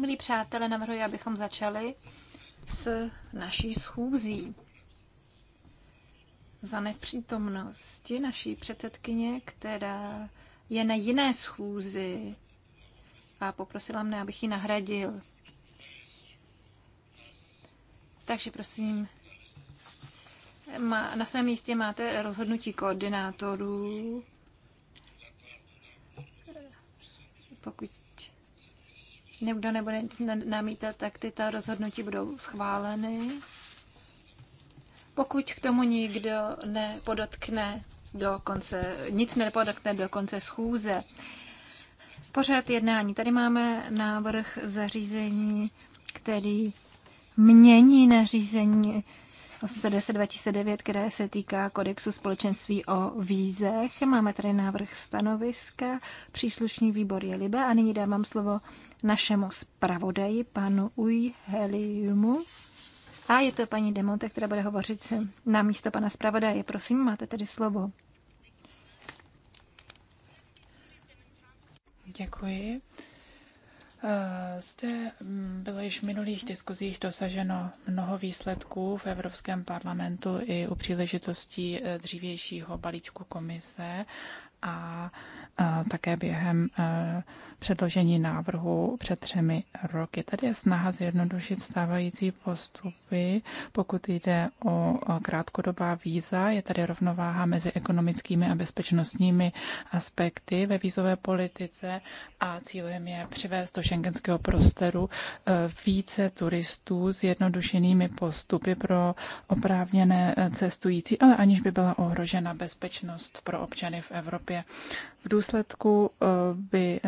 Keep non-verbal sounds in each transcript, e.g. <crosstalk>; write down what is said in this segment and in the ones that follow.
Milí přátelé, navrhuji, abychom začali s naší schůzí. Za nepřítomnosti naší předsedkyně, která je na jiné schůzi a poprosila mne, abych ji nahradil. Takže prosím, na svém místě máte rozhodnutí koordinátorů. Pokud nikdo nebude nic namítat, tak tyto rozhodnutí budou schváleny. Pokud k tomu nikdo nepodotkne do konce, nic nepodotkne do konce schůze. Pořád jednání. Tady máme návrh zařízení, který mění nařízení 810-2009, které se týká kodexu společenství o vízech. Máme tady návrh stanoviska, příslušný výbor je Libe a nyní dávám slovo našemu zpravodaji, panu Uj Heliumu. A je to paní Demonte, která bude hovořit na místo pana zpravodaje. Prosím, máte tedy slovo. Děkuji. Eh, zde mm, bylo již v minulých diskuzích dosaženo mnoho výsledků v Evropském parlamentu i u příležitostí eh, dřívějšího balíčku komise a eh, také během předložení návrhu před třemi roky. Tady je snaha zjednodušit stávající postupy, pokud jde o krátkodobá víza. Je tady rovnováha mezi ekonomickými a bezpečnostními aspekty ve vízové politice a cílem je přivést do šengenského prostoru e, více turistů s jednodušenými postupy pro oprávněné e, cestující, ale aniž by byla ohrožena bezpečnost pro občany v Evropě. V důsledku e, by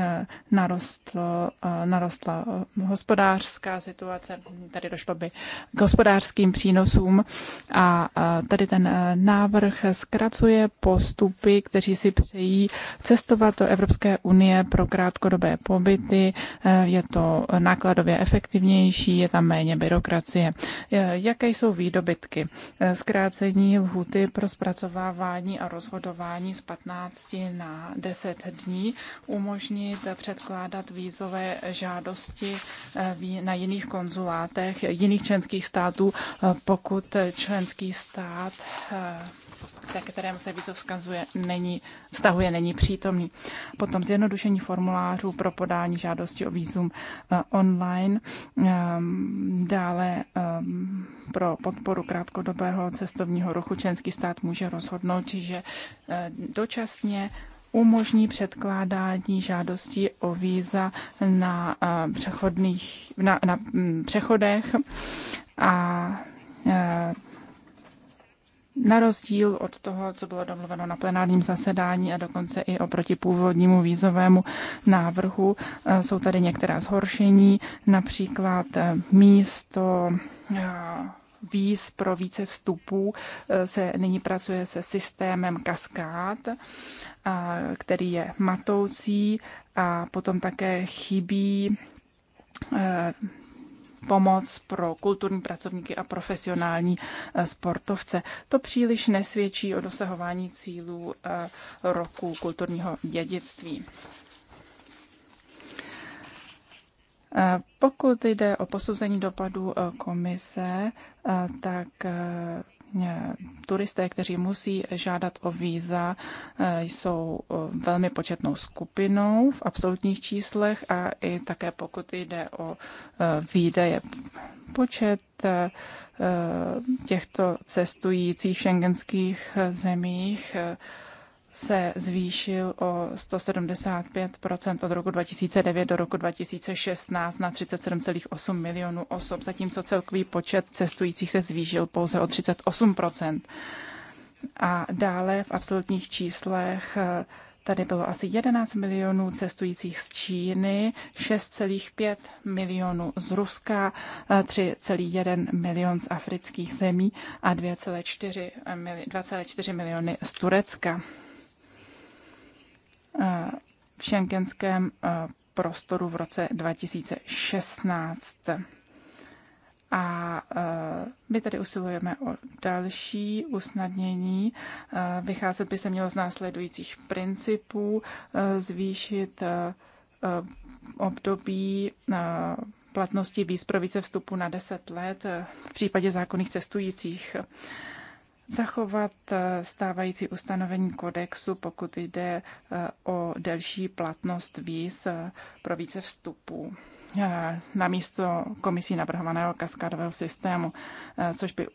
narostl, eh, narostla eh, hospodářská situace, tady došlo by k hospodářským přínosům a eh, tady ten návrh zkracuje postupy, kteří si přejí cestovat do Evropské unie pro krátkodobé pobyty, je to nákladově efektivnější, je tam méně byrokracie. Jaké jsou výdobytky? Zkrácení lhuty pro zpracovávání a rozhodování z 15 na 10 dní, umožnit před předkládat vízové žádosti eh, na jiných konzulátech jiných členských států, eh, pokud členský stát, eh, ke kterému se vízo vzkazuje, není, vztahuje, není přítomný. Potom zjednodušení formulářů pro podání žádosti o vízum online, ehm, dále ehm, pro podporu krátkodobého cestovního ruchu členský stát může rozhodnout, že dočasně umožní předkládání žádostí o víza na, eh, přechodných, na, na mm, přechodech a eh, na rozdíl od toho, co bylo domluveno na plenárním zasedání a dokonce i oproti původnímu vízovému návrhu, eh, jsou tady některá zhoršení, například místo víz pro více vstupů eh, se nyní pracuje se systémem kaskád, eh, který je matoucí a potom také chybí eh, pomoc pro kulturní pracovníky a profesionální sportovce. To příliš nesvědčí o dosahování cílů roku kulturního dědictví. Eh, pokud jde o posouzení dopadů eh, komise, eh, tak turisté, kteří musí žádat o víza, jsou velmi početnou skupinou v absolutních číslech a i také pokud jde o výdaje počet těchto cestujících v šengenských zemích se zvýšil o 175 od roku 2009 do roku 2016 na 37,8 milionů osob, zatímco celkový počet cestujících se zvýšil pouze o 38 A dále v absolutních číslech eh, tady bylo asi 11 milionů cestujících z Číny, 6,5 milionů z Ruska, 3,1 eh, milion z afrických zemí a 2,4 eh, miliony z Turecka. Eh, v šenkenském eh, prostoru v roce 2016. A eh, my tady usilujeme o další usnadnění. Vycházet by se mělo z následujících principů, zvýšit období platnosti víz pro více vstupu na 10 let v případě zákonných cestujících zachovat eh, stávající ustanovení kodexu, pokud jde eh, o delší platnost víz eh, pro více vstupů na místo komisí navrhovaného kaskádového systému, což by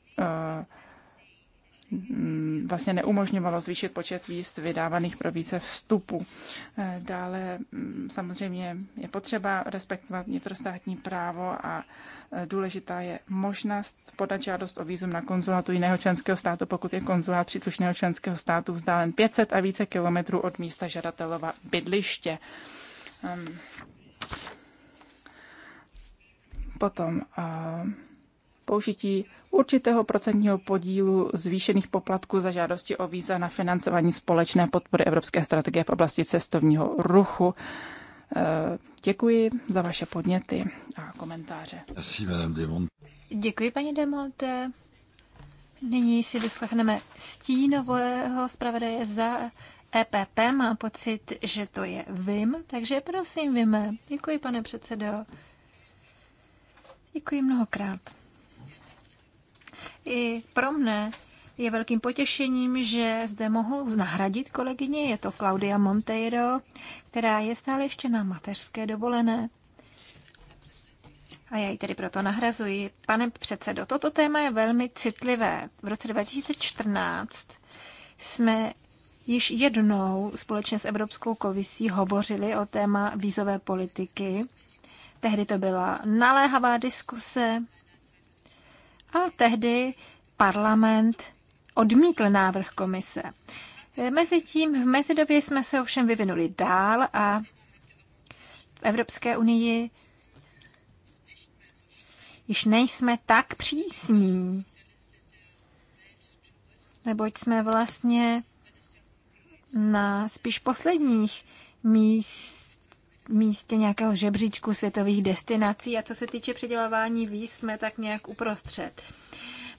Mm, vlastně neumožňovalo zvýšit počet výst vydávaných pro více vstupů. Eh, dále mm, samozřejmě je potřeba respektovat vnitrostátní právo a eh, důležitá je možnost podat žádost o výzum na konzulátu jiného členského státu, pokud je konzulát příslušného členského státu vzdálen 500 a více kilometrů od místa žadatelova bydliště. Ehm, potom eh, použití určitého procentního podílu zvýšených poplatků za žádosti o víza na financování společné podpory Evropské strategie v oblasti cestovního ruchu. E, děkuji za vaše podněty a komentáře. Děkuji, paní Demolte. Nyní si vyslechneme stínového zpravodaje za EPP. Má pocit, že to je VIM, takže prosím, VIME. Děkuji, pane předsedo. Děkuji mnohokrát. I pro mne je velkým potěšením, že zde mohu nahradit kolegyně, je to Claudia Monteiro, která je stále ještě na mateřské dovolené. A já ji tedy proto nahrazuji. Pane předsedo, toto téma je velmi citlivé. V roce 2014 jsme již jednou společně s Evropskou komisí hovořili o téma vízové politiky. Tehdy to byla naléhavá diskuse, a tehdy parlament odmítl návrh komise. Mezitím v mezidobě jsme se ovšem vyvinuli dál a v Evropské unii již nejsme tak přísní, neboť jsme vlastně na spíš posledních míst místě nějakého žebříčku světových destinací a co se týče předělávání víz, jsme tak nějak uprostřed.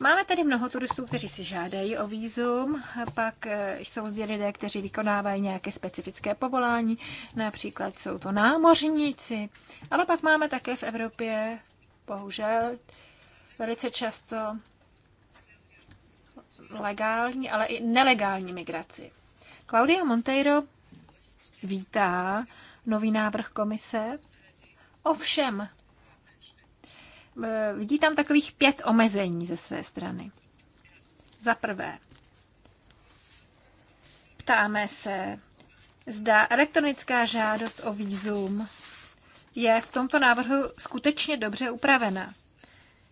Máme tady mnoho turistů, kteří si žádají o vízum, pak eh, jsou zde lidé, kteří vykonávají nějaké specifické povolání, například jsou to námořníci, ale pak máme také v Evropě, bohužel, velice často legální, ale i nelegální migraci. Claudia Monteiro vítá nový návrh komise. Ovšem, eh, vidí tam takových pět omezení ze své strany. Za prvé, ptáme se, zda elektronická žádost o výzum je v tomto návrhu skutečně dobře upravena.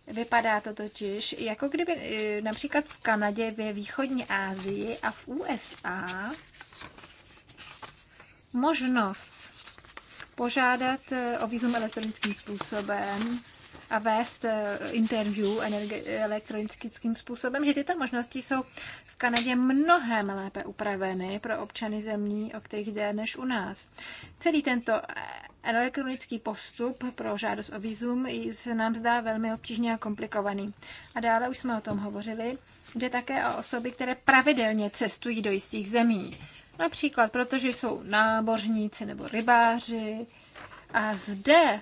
Vypadá to totiž, jako kdyby eh, například v Kanadě, ve východní Asii a v USA možnost požádat eh, o výzum elektronickým způsobem a vést eh, interview elektronickým způsobem, že tyto možnosti jsou v Kanadě mnohem lépe upraveny pro občany zemí, o kterých jde, než u nás. Celý tento eh, elektronický postup pro žádost o výzum se nám zdá velmi obtížně a komplikovaný. A dále už jsme o tom hovořili, jde také o osoby, které pravidelně cestují do jistých zemí. Například protože jsou nábořníci nebo rybáři. A zde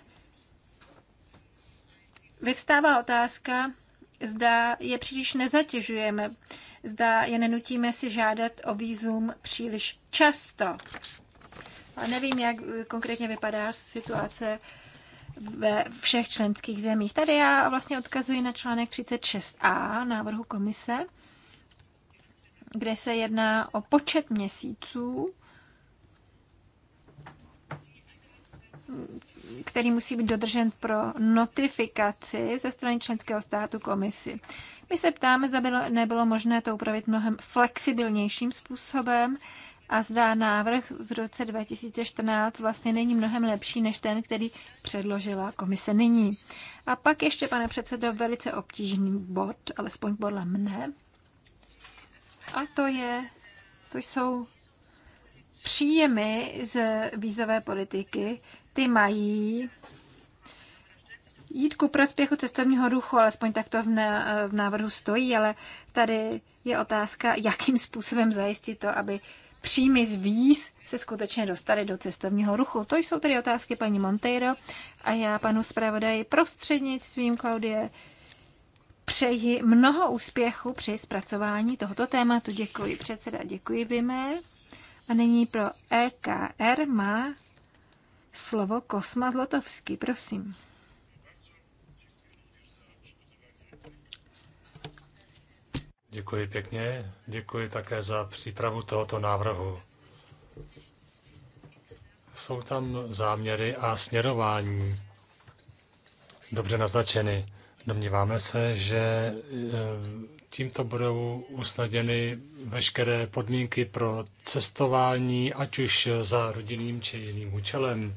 vyvstává otázka, zda je příliš nezatěžujeme, zda je nenutíme si žádat o výzum příliš často. A nevím, jak konkrétně vypadá situace ve všech členských zemích. Tady já vlastně odkazuji na článek 36a návrhu komise, kde se jedná o počet měsíců, který musí být dodržen pro notifikaci ze strany členského státu komisi. My se ptáme, zda bylo, nebylo možné to upravit mnohem flexibilnějším způsobem a zdá návrh z roce 2014 vlastně není mnohem lepší než ten, který předložila komise nyní. A pak ještě, pane předsedo, velice obtížný bod, alespoň podle mne, a to, je, to jsou příjemy z vízové politiky. Ty mají jít ku prospěchu cestovního ruchu, alespoň tak to v, návrhu stojí, ale tady je otázka, jakým způsobem zajistit to, aby příjmy z víz se skutečně dostaly do cestovního ruchu. To jsou tedy otázky paní Monteiro a já panu zpravodaji prostřednictvím Klaudie přeji mnoho úspěchu při zpracování tohoto tématu. Děkuji předseda, děkuji Vime. A nyní pro EKR má slovo Kosma Zlotovský, prosím. Děkuji pěkně. Děkuji také za přípravu tohoto návrhu. Jsou tam záměry a směrování dobře naznačeny. Domníváme se, že eh, tímto budou usnaděny veškeré podmínky pro cestování, ať už za rodinným či jiným účelem.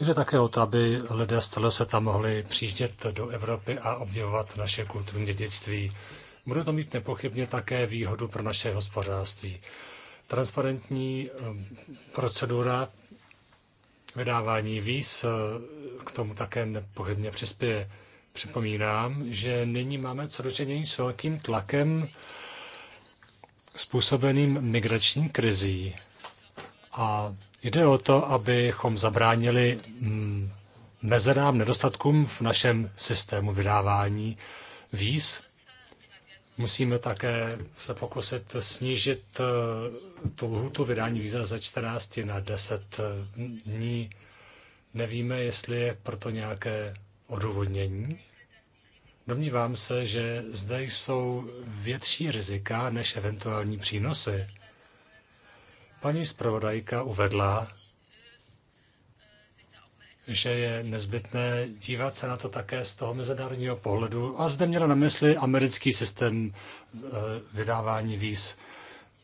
Jde také o to, aby lidé z celé světa mohli přijíždět do Evropy a obdivovat naše kulturní dědictví. Bude to mít nepochybně také výhodu pro naše hospodářství. Transparentní eh, procedura vydávání víz eh, k tomu také nepochybně přispěje. Připomínám, že nyní máme co dočinění s velkým tlakem způsobeným migrační krizí. A jde o to, abychom zabránili mm, mezerám, nedostatkům v našem systému vydávání víz Musíme také se pokusit snížit eh, tu lhutu vydání víza ze 14 na 10 eh, dní. Nevíme, jestli je proto nějaké odůvodnění. Domnívám se, že zde jsou větší rizika než eventuální přínosy. Paní zpravodajka uvedla, že je nezbytné dívat se na to také z toho mezinárodního pohledu. A zde měla na mysli americký systém eh, vydávání víz.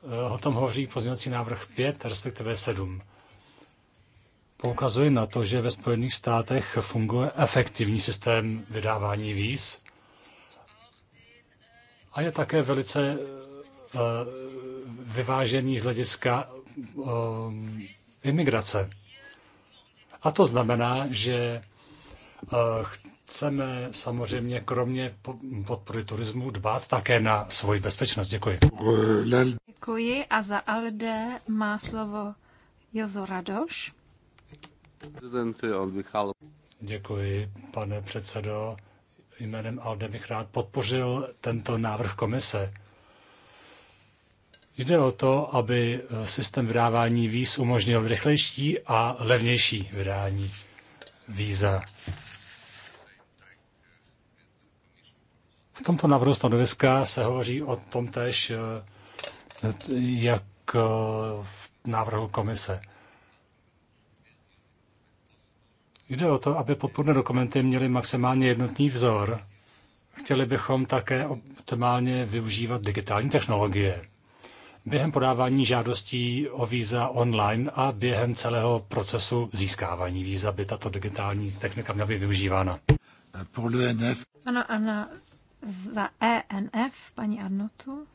Eh, o tom hovoří pozměňovací návrh 5, respektive 7. Poukazuje na to, že ve Spojených státech funguje efektivní systém vydávání víz a je také velice eh, vyvážený z hlediska imigrace. A to znamená, že eh, chceme samozřejmě kromě podpory turismu dbát také na svoji bezpečnost. Děkuji. Děkuji a za ALDE má slovo Jozo Radoš. Děkuji, pane předsedo. Jménem ALDE bych rád podpořil tento návrh komise. Jde o to, aby eh, systém vydávání víz umožnil rychlejší a levnější vydání víza. V tomto návrhu stanoviska se hovoří o tom tež, eh, jak eh, v návrhu komise. Jde o to, aby podpůrné dokumenty měly maximálně jednotný vzor. Chtěli bychom také optimálně využívat digitální technologie během podávání žádostí o víza online a během celého procesu získávání víza by tato digitální technika měla být využívána. Ano, ano, za ENF, paní Arnotu.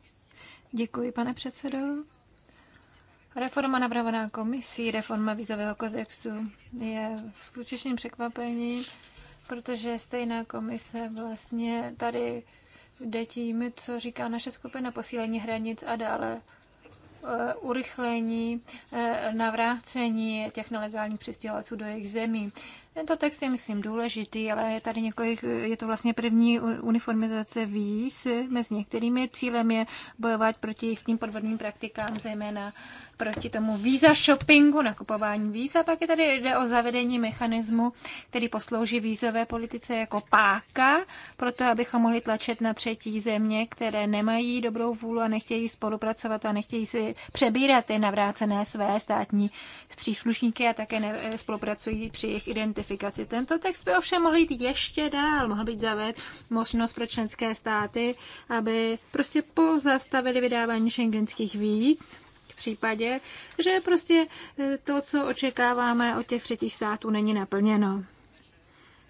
Děkuji, pane předsedo. Reforma navrhovaná komisí, reforma vízového kodexu je skutečném překvapením, protože stejná komise vlastně tady jde tím, co říká naše skupina posílení hranic a dále Eh, urychlení eh, navrácení těch nelegálních přistěhovalců do jejich zemí. Tento text je, myslím, důležitý, ale je tady několik, je to vlastně první uniformizace víz mezi některými. Cílem je bojovat proti jistým podvodným praktikám, zejména proti tomu víza shoppingu, nakupování víza. Pak je tady jde o zavedení mechanismu, který poslouží vízové politice jako páka, proto abychom mohli tlačit na třetí země, které nemají dobrou vůlu a nechtějí spolupracovat a nechtějí si přebírat ty navrácené své státní příslušníky a také ne, spolupracují při jejich identifikaci. Tento text by ovšem mohl jít ještě dál, mohl být zaved možnost pro členské státy, aby prostě pozastavili vydávání šengenských víz případě, že prostě eh, to, co očekáváme od těch třetích států, není naplněno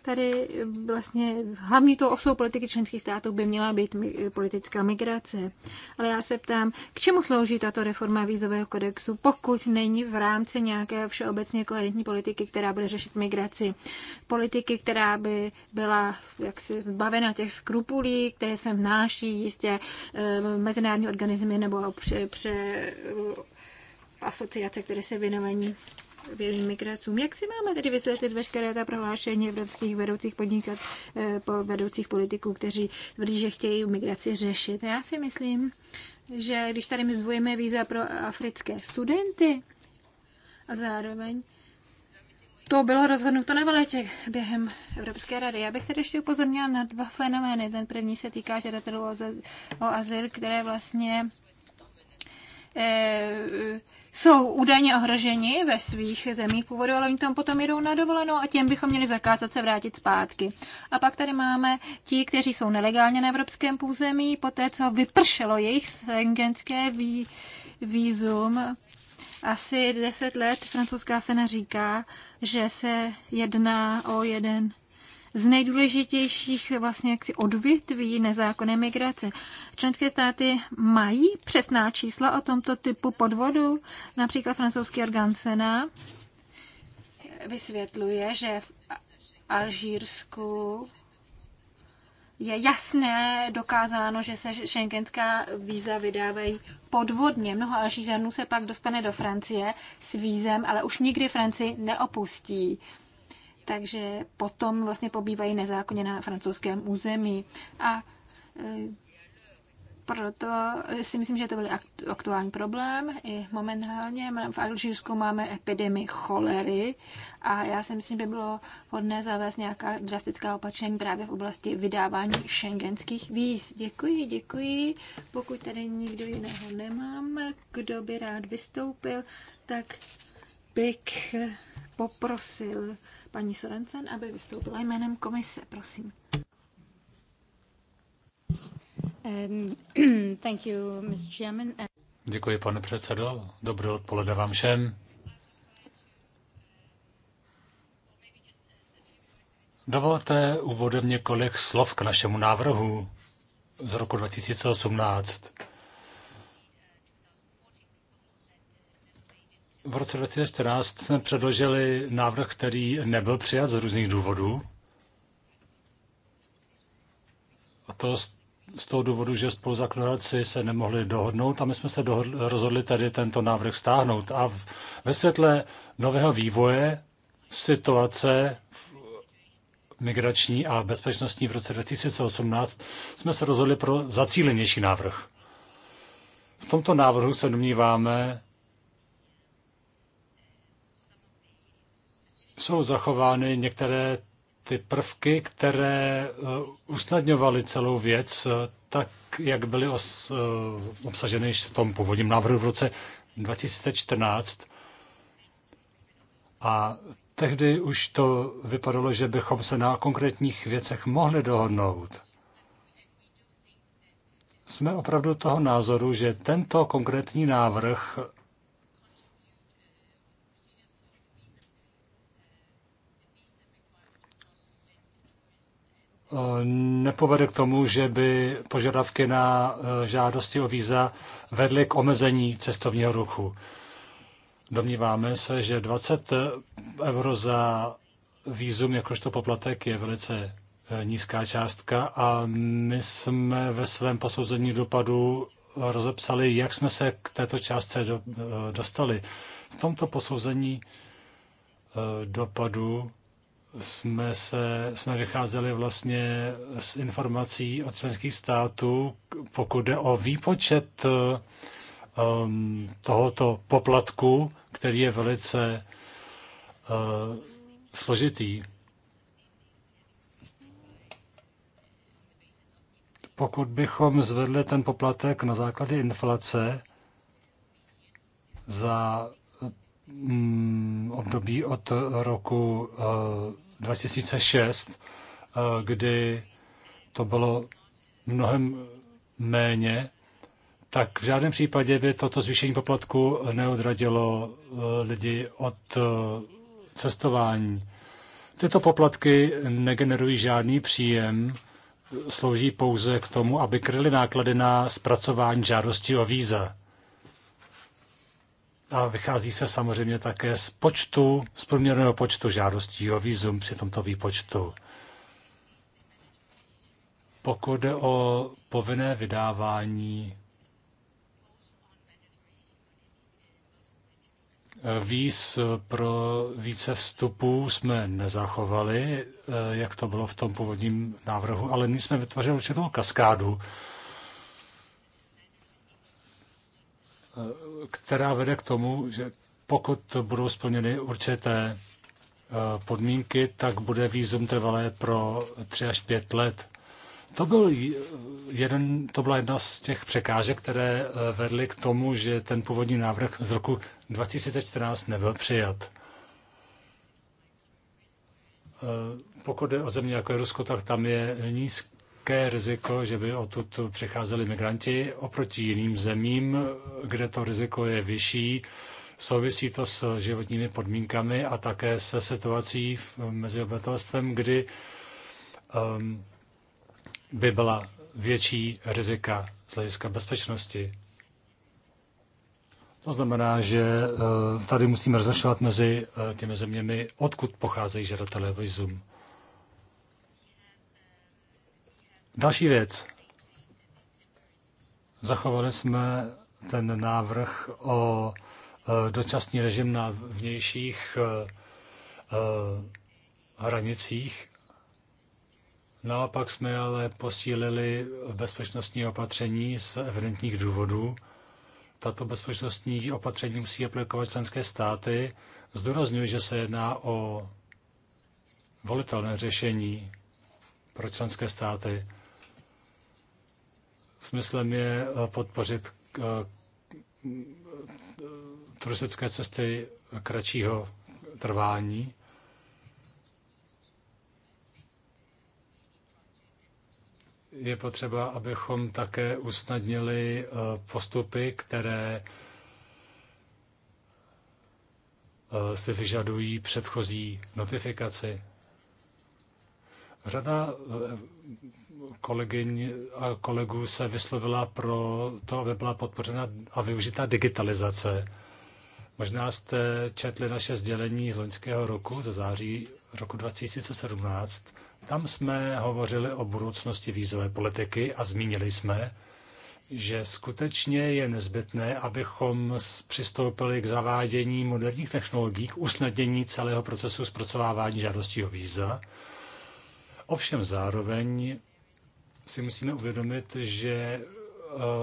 tady vlastně hlavní to osou politiky členských států by měla být politická migrace. Ale já se ptám, k čemu slouží tato reforma vízového kodexu, pokud není v rámci nějaké všeobecně koherentní politiky, která bude řešit migraci. Politiky, která by byla jaksi zbavena těch skrupulí, které se vnáší jistě eh, mezinárodní organismy nebo pře, pře asociace, které se věnovaní běžným migracům. Jak si máme tedy vysvětlit veškeré ta prohlášení evropských vedoucích podnikat, eh, vedoucích politiků, kteří tvrdí, že chtějí migraci řešit? Já si myslím, že když tady my zvojíme víza pro africké studenty a zároveň to bylo rozhodnuto na valetě během Evropské rady. Já bych tady ještě upozornila na dva fenomény. Ten první se týká žadatelů o azyl, které vlastně eh, jsou údajně ohroženi ve svých zemích původu, ale oni tam potom jdou na dovolenou a těm bychom měli zakázat se vrátit zpátky. A pak tady máme ti, kteří jsou nelegálně na evropském území, poté co vypršelo jejich schengenské ví, Asi deset let francouzská sena říká, že se jedná o jeden z nejdůležitějších vlastně jaksi odvětví nezákonné migrace. Členské státy mají přesná čísla o tomto typu podvodu. Například francouzský orgán Sena vysvětluje, že v Alžírsku je jasné dokázáno, že se šengenská víza vydávají podvodně. Mnoho Alžířanů se pak dostane do Francie s vízem, ale už nikdy Francii neopustí takže potom vlastně pobývají nezákonně na francouzském území. A e, proto si myslím, že to byl aktuální problém. I momentálně v Alžírsku máme epidemii cholery a já si myslím, že by bylo vhodné zavést nějaká drastická opatření právě v oblasti vydávání šengenských víz. Děkuji, děkuji. Pokud tady nikdo jiného nemám, kdo by rád vystoupil, tak bych poprosil paní Sorensen, aby vystoupila jménem komise. Prosím. Um, <clears throat> uh, Děkuji, pane předsedo. Dobré odpoledne vám všem. Dovolte úvodem několik slov k našemu návrhu z roku 2018. v roce 2014 jsme předložili návrh, který nebyl přijat z různých důvodů. A to z toho důvodu, že spoluzakladatci se nemohli dohodnout a my jsme se dohodli, rozhodli tady tento návrh stáhnout. A v, ve světle nového vývoje situace migrační a bezpečnostní v roce 2018 jsme se rozhodli pro zacílenější návrh. V tomto návrhu se domníváme, jsou zachovány některé ty prvky, které eh, usnadňovaly celou věc eh, tak, jak byly os, eh, obsaženy v tom původním návrhu v roce 2014. A tehdy už to vypadalo, že bychom se na konkrétních věcech mohli dohodnout. Jsme opravdu toho názoru, že tento konkrétní návrh Eh, nepovede k tomu, že by požadavky na eh, žádosti o víza vedly k omezení cestovního ruchu. Domníváme se, že 20 eh, euro za výzum jakožto poplatek je velice nízká částka a my jsme ve svém posouzení dopadu rozepsali, jak jsme se k této částce dostali. V tomto posouzení dopadu jsme, se, jsme vycházeli vlastně z informací od členských států, pokud jde o výpočet um, tohoto poplatku, který je velice uh, složitý. Pokud bychom zvedli ten poplatek na základě inflace za Mm, období od roku 2006, eh, eh, kdy to bylo mnohem méně, tak v žádném případě by toto zvýšení poplatku neodradilo eh, lidi od cestování. Tyto poplatky negenerují žádný příjem, slouží pouze k tomu, aby kryly náklady na zpracování žádostí o víza. A vychází se samozřejmě také z počtu, z průměrného počtu žádostí o výzum při tomto výpočtu. Pokud jde o povinné vydávání víz pro více vstupů jsme nezachovali, eh, jak to bylo v tom původním návrhu, ale nyní jsme vytvořili určitou kaskádu Eh, která vede k tomu, že pokud budou splněny určité eh, podmínky, tak bude výzum trvalé pro 3 až 5 let. To, byl jeden, to byla jedna z těch překážek, které eh, vedly k tomu, že ten původní návrh z roku 2014 nebyl přijat. Pokud je o země jako je Rusko, tak tam je nízký velké riziko, že by odtud přicházeli migranti oproti jiným zemím, kde to riziko je vyšší. Souvisí to s životními podmínkami a také se situací mezi obyvatelstvem, kdy um, by byla větší rizika z hlediska bezpečnosti. To znamená, že uh, tady musíme rozlišovat mezi uh, těmi zeměmi, odkud pocházejí žadatelé vizum. Další věc. Zachovali jsme ten návrh o e, dočasný režim na vnějších e, e, hranicích. Naopak jsme ale posílili bezpečnostní opatření z evidentních důvodů. Tato bezpečnostní opatření musí aplikovat členské státy. Zdůrazňuji, že se jedná o volitelné řešení pro členské státy. Smyslem je eh, podpořit eh, turistické cesty kratšího trvání. Je potřeba, abychom také usnadnili eh, postupy, které si vyžadují předchozí notifikaci. Řada kolegyň a kolegů se vyslovila pro to, aby byla podpořena a využita digitalizace. Možná jste četli naše sdělení z loňského roku, ze září roku 2017. Tam jsme hovořili o budoucnosti vízové politiky a zmínili jsme, že skutečně je nezbytné, abychom přistoupili k zavádění moderních technologií, k usnadnění celého procesu zpracovávání žádostí o víza. Ovšem zároveň si musíme uvědomit, že eh,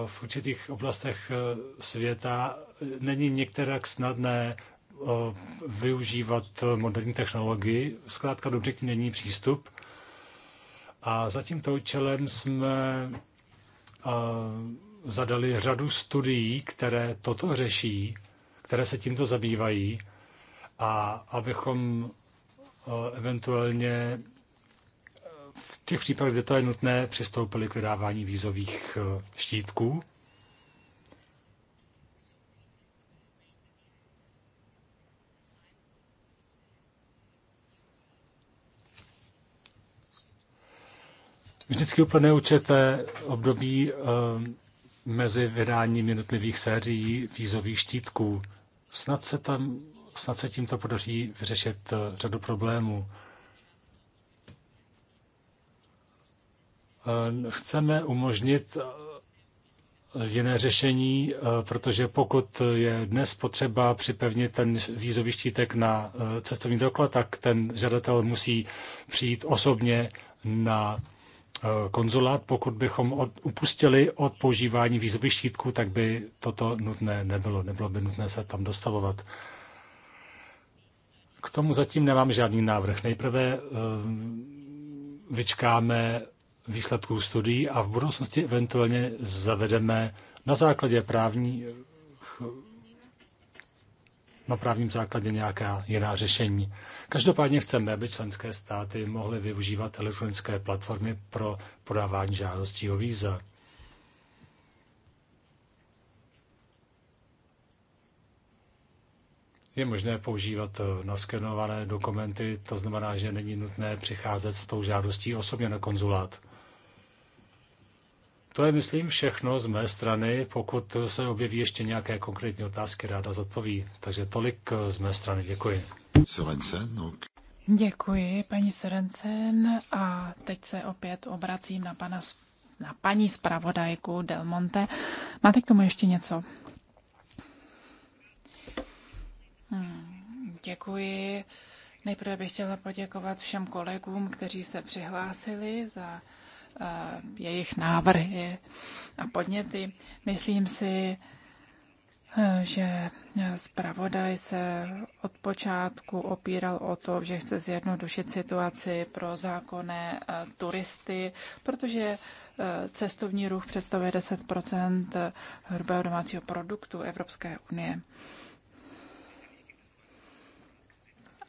v určitých oblastech eh, světa eh, není některak snadné využívat moderní technologii. Zkrátka dobře k není přístup. A za tímto účelem jsme zadali řadu studií, které toto řeší, které se tímto zabývají a abychom eventuálně těch případech, kde to je nutné, přistoupili k vydávání vízových eh, štítků. Vždycky úplně určité období eh, mezi vydáním jednotlivých sérií vízových štítků. Snad se, tam, snad se tímto podaří vyřešit eh, řadu problémů. Eh, chceme umožnit eh, jiné řešení, eh, protože pokud je dnes potřeba připevnit ten vízový štítek na cestovní doklad, tak ten žadatel musí přijít osobně na konzulát. Pokud bychom od, upustili od používání vízových štítků, tak by toto nutné nebylo. Nebylo by nutné se tam dostavovat. K tomu zatím nemám žádný návrh. Nejprve vyčkáme výsledků studií a v budoucnosti eventuálně zavedeme na základě právní, na právním základě nějaká jiná řešení. Každopádně chceme, aby členské státy mohly využívat elektronické platformy pro podávání žádostí o víza. je možné používat eh, naskenované dokumenty, to znamená, že není nutné přicházet s tou žádostí osobně na konzulát. To je, myslím, všechno z mé strany. Pokud se objeví ještě nějaké konkrétní otázky, ráda zodpoví. Takže tolik eh, z mé strany. Děkuji. Sorensen, ok. Děkuji, paní Sorensen. A teď se opět obracím na, pana, na paní zpravodajku Del Monte. Máte k tomu ještě něco? Hmm, děkuji. Nejprve bych chtěla poděkovat všem kolegům, kteří se přihlásili za Eh, jejich návrhy a podněty. Myslím si, eh, že zpravodaj se od počátku opíral o to, že chce zjednodušit situaci pro zákonné eh, turisty, protože cestovní ruch představuje 10 hrubého domácího produktu Evropské unie.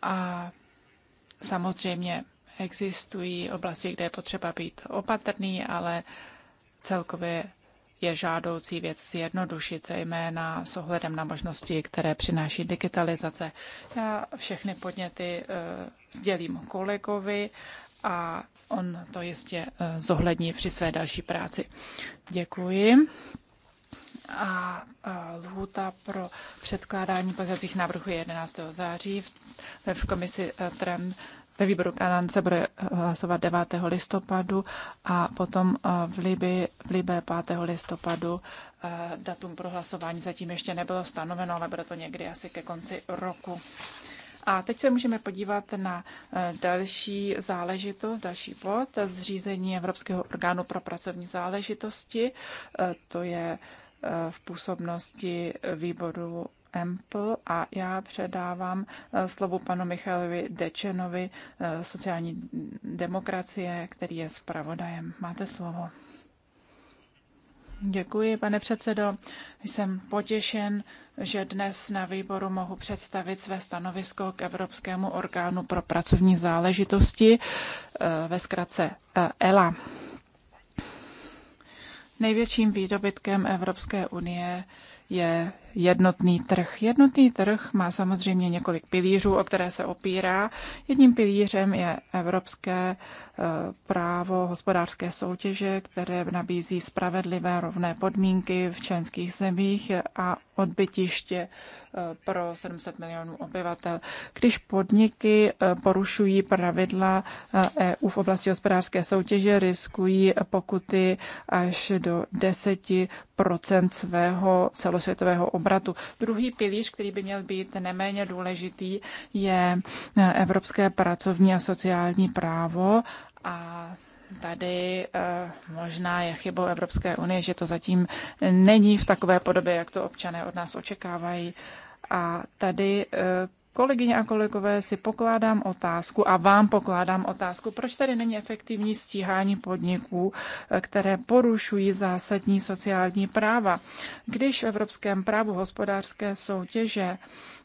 A samozřejmě existují oblasti, kde je potřeba být opatrný, ale celkově je žádoucí věc zjednodušit, zejména s ohledem na možnosti, které přináší digitalizace. Já všechny podněty e, sdělím kolegovi a on to jistě e, zohlední při své další práci. Děkuji. A eh, lhůta pro předkládání pozicích návrhů je 11. září. V, v komisi TREM ve výboru Kanán se bude eh, hlasovat 9. listopadu a potom eh, v Libii, v Libé 5. listopadu eh, datum pro hlasování zatím ještě nebylo stanoveno, ale bude to někdy asi ke konci roku. A teď se můžeme podívat na další záležitost, další bod, zřízení Evropského orgánu pro pracovní záležitosti. To je v působnosti výboru Empl a já předávám eh, slovo panu Michalovi Dečenovi, eh, sociální demokracie, který je zpravodajem. Máte slovo. Děkuji, pane předsedo. Jsem potěšen, že dnes na výboru mohu představit své stanovisko k Evropskému orgánu pro pracovní záležitosti, eh, ve zkratce ELA. E Největším výdobytkem Evropské unie je jednotný trh. Jednotný trh má samozřejmě několik pilířů, o které se opírá. Jedním pilířem je evropské eh, právo hospodářské soutěže, které nabízí spravedlivé rovné podmínky v členských zemích a odbytiště eh, pro 700 milionů obyvatel. Když podniky eh, porušují pravidla EU e v oblasti hospodářské soutěže, riskují pokuty až do 10 procent svého celosvětového obratu. Druhý pilíř, který by měl být neméně důležitý, je evropské pracovní a sociální právo a Tady eh, možná je chybou Evropské unie, že to zatím není v takové podobě, jak to občané od nás očekávají. A tady eh, Kolegyně a kolegové, si pokládám otázku a vám pokládám otázku, proč tady není efektivní stíhání podniků, eh, které porušují zásadní sociální práva. Když v evropském právu hospodářské soutěže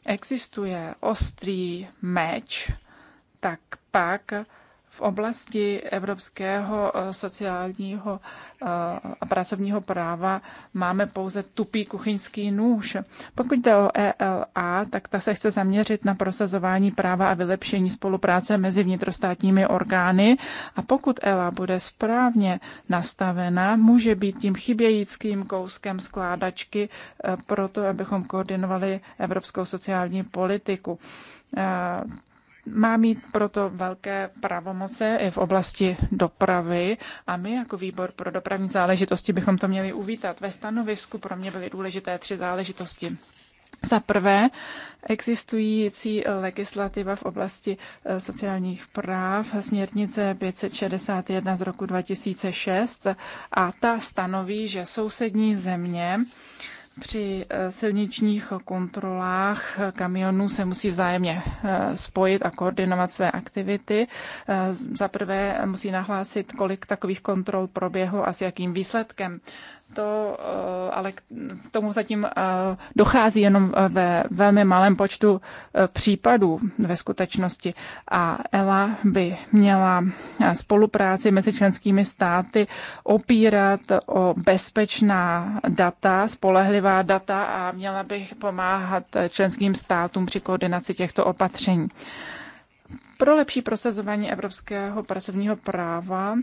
existuje ostrý meč, tak pak v oblasti evropského eh, sociálního eh, a pracovního práva máme pouze tupý kuchyňský nůž. Pokud jde o ELA, tak ta se chce zaměřit na prosazování práva a vylepšení spolupráce mezi vnitrostátními orgány a pokud ELA bude správně nastavena, může být tím chybějícím kouskem skládačky eh, pro to, abychom koordinovali evropskou sociální politiku má mít proto velké pravomoce i v oblasti dopravy a my jako výbor pro dopravní záležitosti bychom to měli uvítat. Ve stanovisku pro mě byly důležité tři záležitosti. Za prvé, existující legislativa v oblasti eh, sociálních práv, směrnice 561 z roku 2006, a ta stanoví, že sousední země při eh, silničních kontrolách kamionů se musí vzájemně eh, spojit a koordinovat své aktivity. Eh, za prvé musí nahlásit, kolik takových kontrol proběhlo a s jakým výsledkem to, eh, ale k tomu zatím eh, dochází jenom eh, ve velmi malém počtu případů ve skutečnosti. A ELA by měla spolupráci mezi členskými státy opírat o bezpečná data, spolehlivá data a měla bych pomáhat členským státům při koordinaci těchto opatření pro lepší prosazování evropského pracovního práva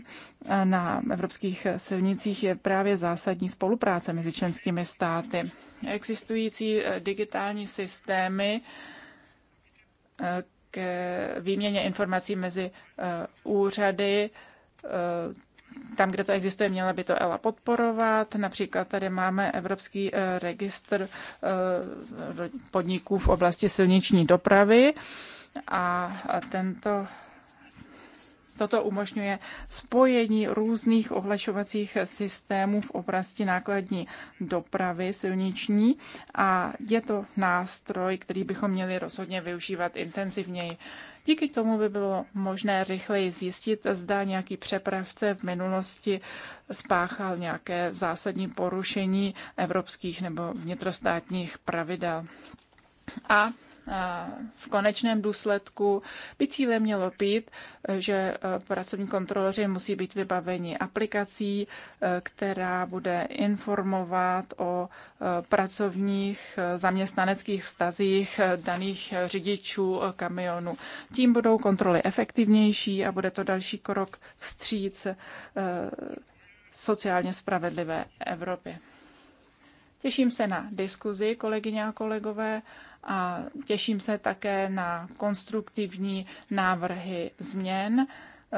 eh, na evropských silnicích je právě zásadní spolupráce mezi členskými státy. Existující eh, digitální systémy eh, k výměně informací mezi úřady, tam, kde to existuje, měla by to ELA podporovat. Například tady máme Evropský registr podniků v oblasti silniční dopravy a tento Toto umožňuje spojení různých ohlašovacích systémů v oblasti nákladní dopravy silniční a je to nástroj, který bychom měli rozhodně využívat intenzivněji. Díky tomu by bylo možné rychleji zjistit, zda nějaký přepravce v minulosti spáchal nějaké zásadní porušení evropských nebo vnitrostátních pravidel. A v konečném důsledku by cíle mělo být, že e, pracovní kontroloři musí být vybaveni aplikací, e, která bude informovat o e, pracovních zaměstnaneckých vztazích daných řidičů kamionu. Tím budou kontroly efektivnější a bude to další krok vstříc sociálně spravedlivé Evropě. Těším se na diskuzi, kolegyně a kolegové, a těším se také na konstruktivní návrhy změn.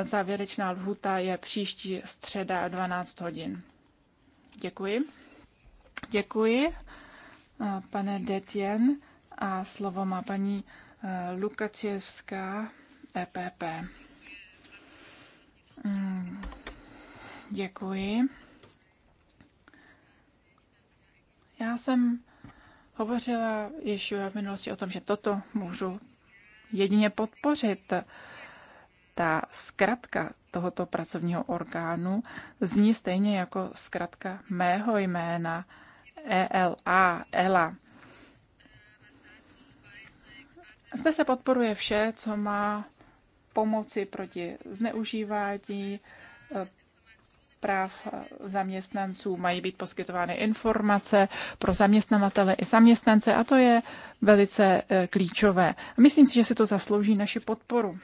Závěrečná lhuta je příští středa 12 hodin. Děkuji. Děkuji, eh, pane Detjen. A slovo má paní eh, Lukacievská, EPP. Hmm, děkuji. Já jsem hovořila již v minulosti o tom, že toto můžu jedině podpořit. Ta zkratka tohoto pracovního orgánu zní stejně jako zkratka mého jména ELA, ELA. Zde se podporuje vše, co má pomoci proti zneužívání, práv zaměstnanců, mají být poskytovány informace pro zaměstnavatele i zaměstnance a to je velice eh, klíčové. Myslím si, že si to zaslouží naši podporu.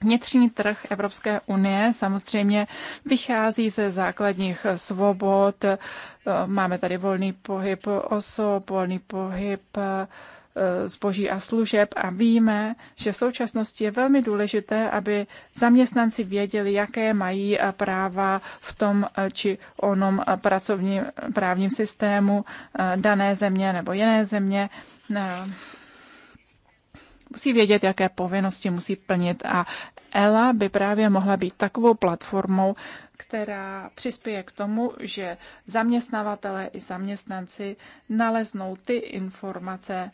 Vnitřní trh Evropské unie samozřejmě vychází ze základních svobod. Eh, máme tady volný pohyb osob, volný pohyb eh, Eh, zboží a služeb a víme, že v současnosti je velmi důležité, aby zaměstnanci věděli, jaké mají eh, práva v tom eh, či onom pracovním právním systému dané země nebo jiné země. Musí vědět, jaké povinnosti musí plnit a ELA by právě mohla být takovou platformou, která přispěje k tomu, že zaměstnavatele i zaměstnanci naleznou ty informace,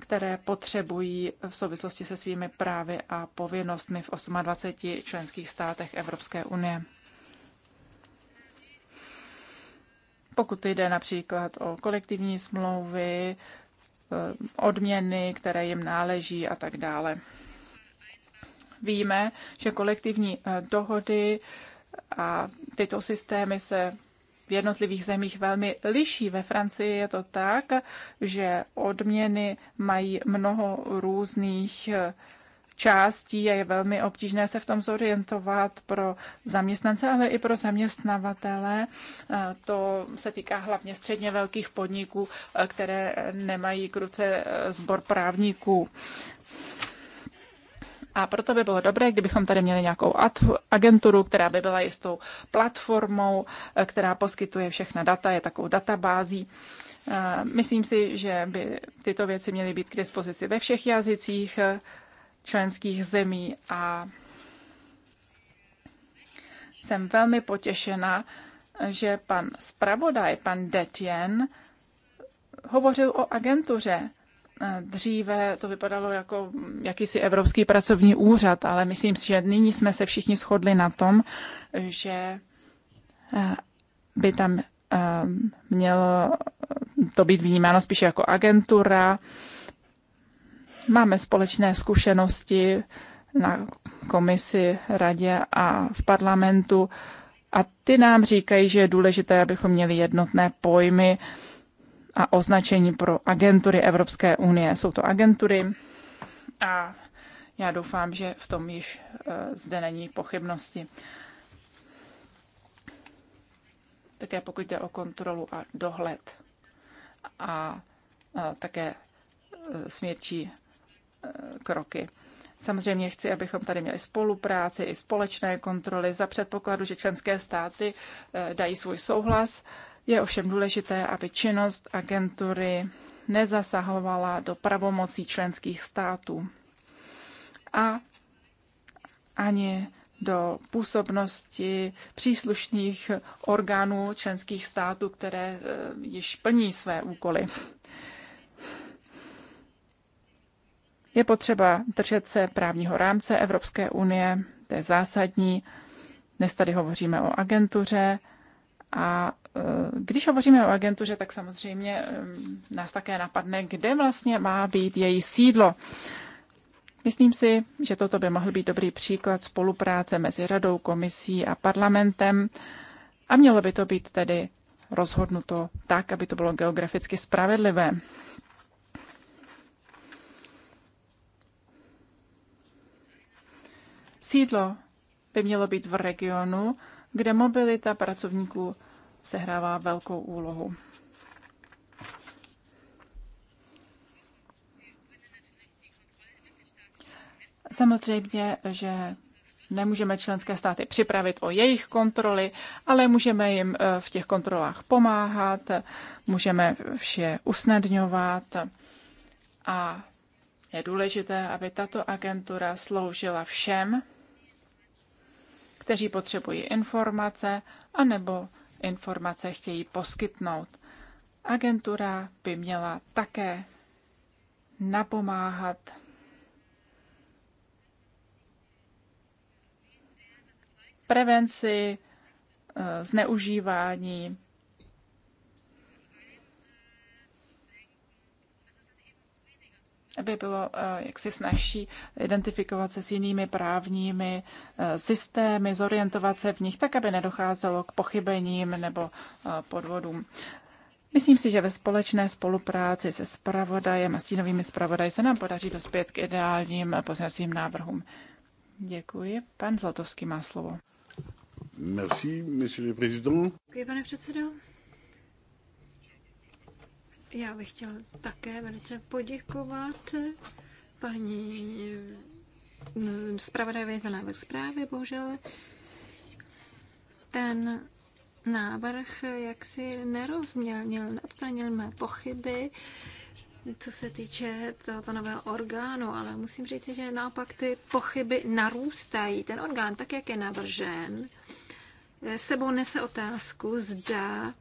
které potřebují v souvislosti se svými právy a povinnostmi v 28 členských státech Evropské unie. Pokud jde například o kolektivní smlouvy, eh, odměny, které jim náleží a tak dále. Víme, že kolektivní eh, dohody a tyto systémy se v jednotlivých zemích velmi liší. Ve Francii je to tak, že odměny mají mnoho různých eh, částí a je velmi obtížné se v tom zorientovat pro zaměstnance, ale i pro zaměstnavatele. Eh, to se týká hlavně středně velkých podniků, eh, které nemají k ruce zbor právníků. A proto by bylo dobré, kdybychom tady měli nějakou agenturu, která by byla jistou platformou, eh, která poskytuje všechna data, je takovou databází. Eh, myslím si, že by tyto věci měly být k dispozici ve všech jazycích eh, členských zemí a jsem velmi potěšena, že pan zpravodaj, pan Detjen, hovořil o agentuře. Eh, dříve to vypadalo jako jakýsi evropský pracovní úřad, ale myslím si, že nyní jsme se všichni shodli na tom, že eh, by tam eh, mělo to být vnímáno spíše jako agentura. Máme společné zkušenosti na komisi, radě a v parlamentu a ty nám říkají, že je důležité, abychom měli jednotné pojmy, a označení pro agentury Evropské unie. Jsou to agentury a já doufám, že v tom již eh, zde není pochybnosti. Také pokud jde o kontrolu a dohled a, také eh, smírčí eh, kroky. Samozřejmě chci, abychom tady měli spolupráci i společné kontroly za předpokladu, že členské státy dají svůj souhlas je ovšem důležité, aby činnost agentury nezasahovala do pravomocí členských států a ani do působnosti příslušných orgánů členských států, které eh, již plní své úkoly. Je potřeba držet se právního rámce Evropské unie, to je zásadní. Dnes tady hovoříme o agentuře a když hovoříme o agentuře, tak samozřejmě nás také napadne, kde vlastně má být její sídlo. Myslím si, že toto by mohl být dobrý příklad spolupráce mezi radou, komisí a parlamentem a mělo by to být tedy rozhodnuto tak, aby to bylo geograficky spravedlivé. Sídlo by mělo být v regionu, kde mobilita pracovníků sehrává velkou úlohu. Samozřejmě, že nemůžeme členské státy připravit o jejich kontroly, ale můžeme jim eh, v těch kontrolách pomáhat, můžeme vše usnadňovat a je důležité, aby tato agentura sloužila všem, kteří potřebují informace, anebo informace chtějí poskytnout. Agentura by měla také napomáhat prevenci eh, zneužívání aby bylo eh, jaksi snažší identifikovat se s jinými právními eh, systémy, zorientovat se v nich tak, aby nedocházelo k pochybením nebo eh, podvodům. Myslím si, že ve společné spolupráci se spravodajem a stínovými spravodaji se nám podaří dospět k ideálním pozněcím návrhům. Děkuji. Pan Zlatovský má slovo. Merci, monsieur le président. Děkuji, pane předsedo. Já bych chtěl také velice poděkovat paní eh, zpravodajové za návrh zprávy. Bohužel ten návrh jaksi nerozmělnil, neodstranil mé pochyby, co se týče tohoto nového orgánu, ale musím říct, že naopak ty pochyby narůstají. Ten orgán, tak jak je navržen, eh, sebou nese otázku, zda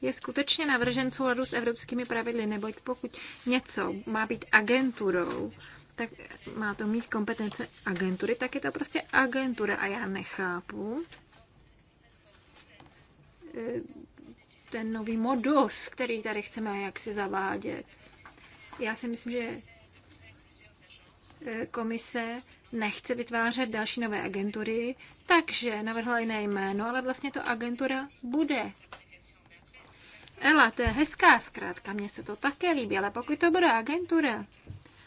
je skutečně navržen souladu s evropskými pravidly, neboť pokud něco má být agenturou, tak má to mít kompetence agentury, tak je to prostě agentura a já nechápu eh, ten nový modus, který tady chceme jak si zavádět. Já si myslím, že eh, komise nechce vytvářet další nové agentury, takže navrhla jiné jméno, ale vlastně to agentura bude. Ela, to je hezká zkrátka, mně se to také líbí, ale pokud to bude agentura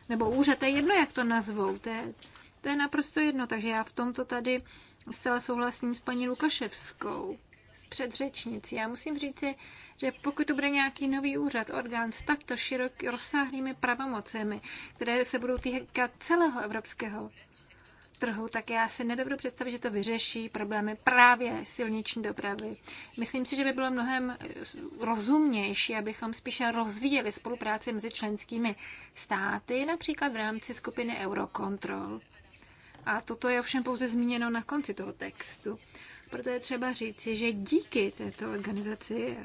nebo úřad, to je jedno, jak to nazvou, to je, to je naprosto jedno, takže já v tomto tady zcela souhlasím s paní Lukaševskou, s předřečnicí. Já musím si, že pokud to bude nějaký nový úřad, orgán s takto široký rozsáhlými pravomocemi, které se budou týkat celého evropského trhu, tak já si nedobru představit, že to vyřeší problémy právě silniční dopravy. Myslím si, že by bylo mnohem eh, rozumnější, abychom spíše rozvíjeli spolupráci mezi členskými státy, například v rámci skupiny Eurocontrol. A toto je ovšem pouze zmíněno na konci toho textu. Proto je třeba říci, že díky této organizaci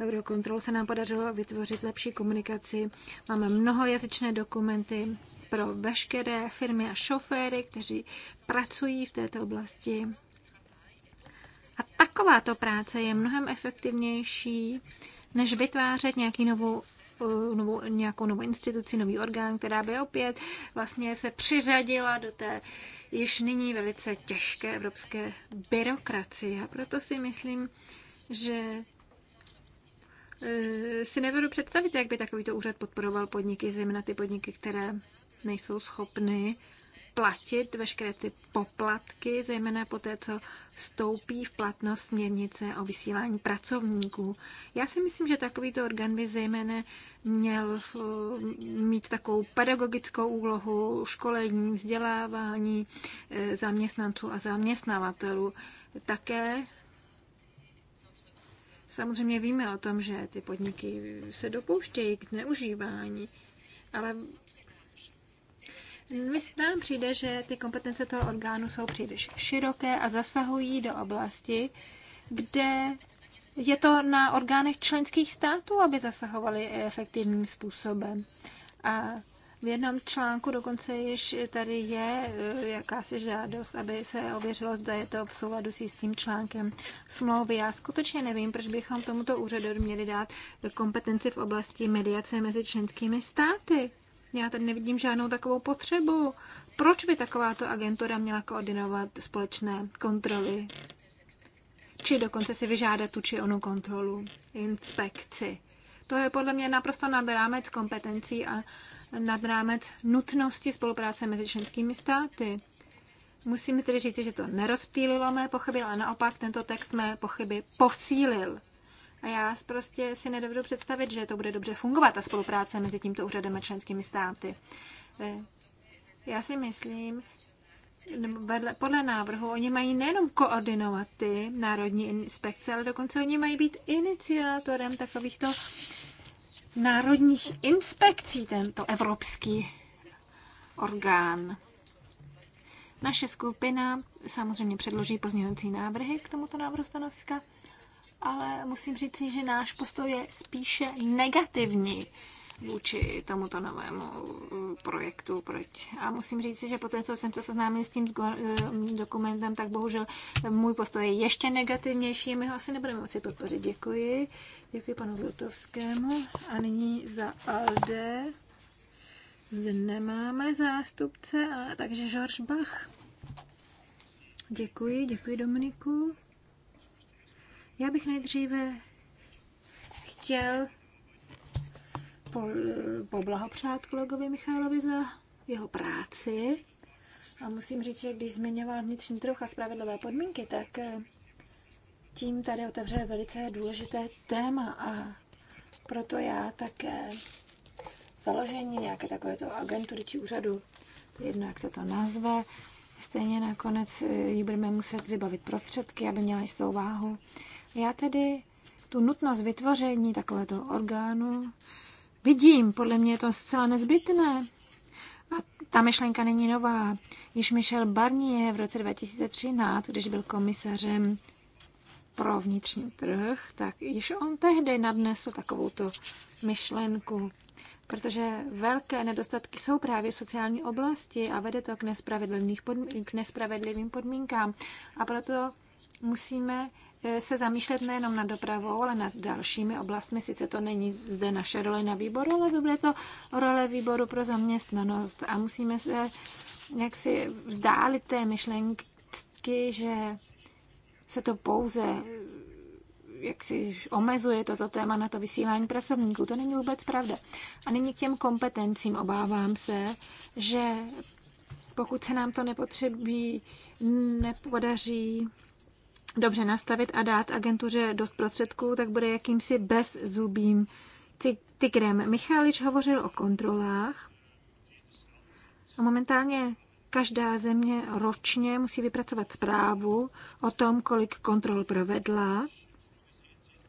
Eurocontrol se nám podařilo vytvořit lepší komunikaci. Máme mnohojazyčné dokumenty, pro veškeré firmy a šoféry, kteří pracují v této oblasti. A takováto práce je mnohem efektivnější, než vytvářet nějaký novou eh, novou, nějakou novou instituci, nový orgán, která by opět vlastně se přiřadila do té již nyní velice těžké evropské byrokracie. A proto si myslím, že eh, si nevedu představit, jak by takovýto úřad podporoval podniky, zejména ty podniky, které nejsou schopny platit veškeré ty poplatky, zejména po té, co stoupí v platnost směrnice o vysílání pracovníků. Já si myslím, že takovýto orgán by zejména měl eh, mít takovou pedagogickou úlohu, školení, vzdělávání eh, zaměstnanců a zaměstnavatelů. Také samozřejmě víme o tom, že ty podniky se dopouštějí k zneužívání, ale nám přijde, že ty kompetence toho orgánu jsou příliš široké a zasahují do oblasti, kde je to na orgánech členských států, aby zasahovali efektivním způsobem. A v jednom článku dokonce již tady je eh, jakási žádost, aby se ověřilo, zda je to v souladu s tím článkem smlouvy. Já skutečně nevím, proč bychom tomuto úřadu měli dát kompetenci v oblasti mediace mezi členskými státy. Já tady nevidím žádnou takovou potřebu. Proč by takováto agentura měla koordinovat společné kontroly? Či dokonce si vyžádat tu či onu kontrolu, inspekci. To je podle mě naprosto nad rámec kompetencí a nad rámec nutnosti spolupráce mezi členskými státy. Musím tedy říct, že to nerozptýlilo mé pochyby, ale naopak tento text mé pochyby posílil. A já prostě si nedovedu představit, že to bude dobře fungovat, ta spolupráce mezi tímto úřadem a členskými státy. Eh, já si myslím, vedle, podle návrhu, oni mají nejenom koordinovat ty národní inspekce, ale dokonce oni mají být iniciátorem takovýchto národních inspekcí, tento evropský orgán. Naše skupina samozřejmě předloží pozměňující návrhy k tomuto návrhu stanoviska ale musím říct, že náš postoj je spíše negativní vůči tomuto novému uh, projektu. Proč? A musím říct, že po té, co jsem se seznámil s tím uh, dokumentem, tak bohužel můj postoj je ještě negativnější. My ho asi nebudeme moci podpořit. Děkuji. Děkuji panu Zlotovskému. A nyní za Alde. Zde nemáme zástupce, a, takže George Bach. Děkuji, děkuji Dominiku. Já bych nejdříve chtěl po, poblahopřát kolegovi Michalovi za jeho práci. A musím říct, že když zmiňoval vnitřní trh a spravedlivé podmínky, tak eh, tím tady otevře velice důležité téma a proto já také založení nějaké takovéto agentury či úřadu, jedno jak se to nazve, stejně nakonec eh, ji budeme muset vybavit prostředky, aby měla jistou váhu. Já tedy tu nutnost vytvoření takovéto orgánu vidím, podle mě je to zcela nezbytné. A ta myšlenka není nová. Již Michel Barnier v roce 2013, když byl komisařem pro vnitřní trh, tak již on tehdy nadnesl takovouto myšlenku. Protože velké nedostatky jsou právě v sociální oblasti a vede to k, nespravedlivých podmín- k nespravedlivým podmínkám. A proto musíme eh, se zamýšlet nejenom nad dopravou, ale nad dalšími oblastmi. Sice to není zde naše role na výboru, ale by to role výboru pro zaměstnanost. A musíme se jaksi vzdálit té myšlenky, že se to pouze eh, jak si omezuje toto téma na to vysílání pracovníků. To není vůbec pravda. A nyní k těm kompetencím obávám se, že pokud se nám to nepotřebí, nepodaří dobře nastavit a dát agentuře dost prostředků, tak bude jakýmsi bezzubým tygrem. Michalič hovořil o kontrolách a momentálně každá země ročně musí vypracovat zprávu o tom, kolik kontrol provedla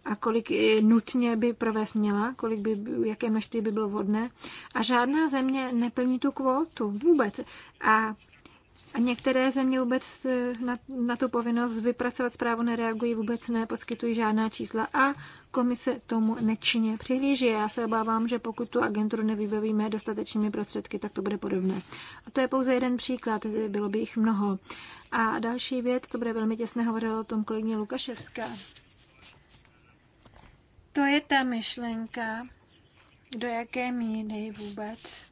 a kolik eh, nutně by provést měla, kolik by, jaké množství by bylo vhodné. A žádná země neplní tu kvótu vůbec. A a některé země vůbec eh, na, na tu povinnost vypracovat zprávu nereagují, vůbec neposkytují žádná čísla a komise tomu nečině přihlíží. Já se obávám, že pokud tu agenturu nevybavíme dostatečnými prostředky, tak to bude podobné. A to je pouze jeden příklad, bylo by jich mnoho. A další věc, to bude velmi těsně hovořilo o tom kolegyně Lukaševská. To je ta myšlenka, do jaké míry vůbec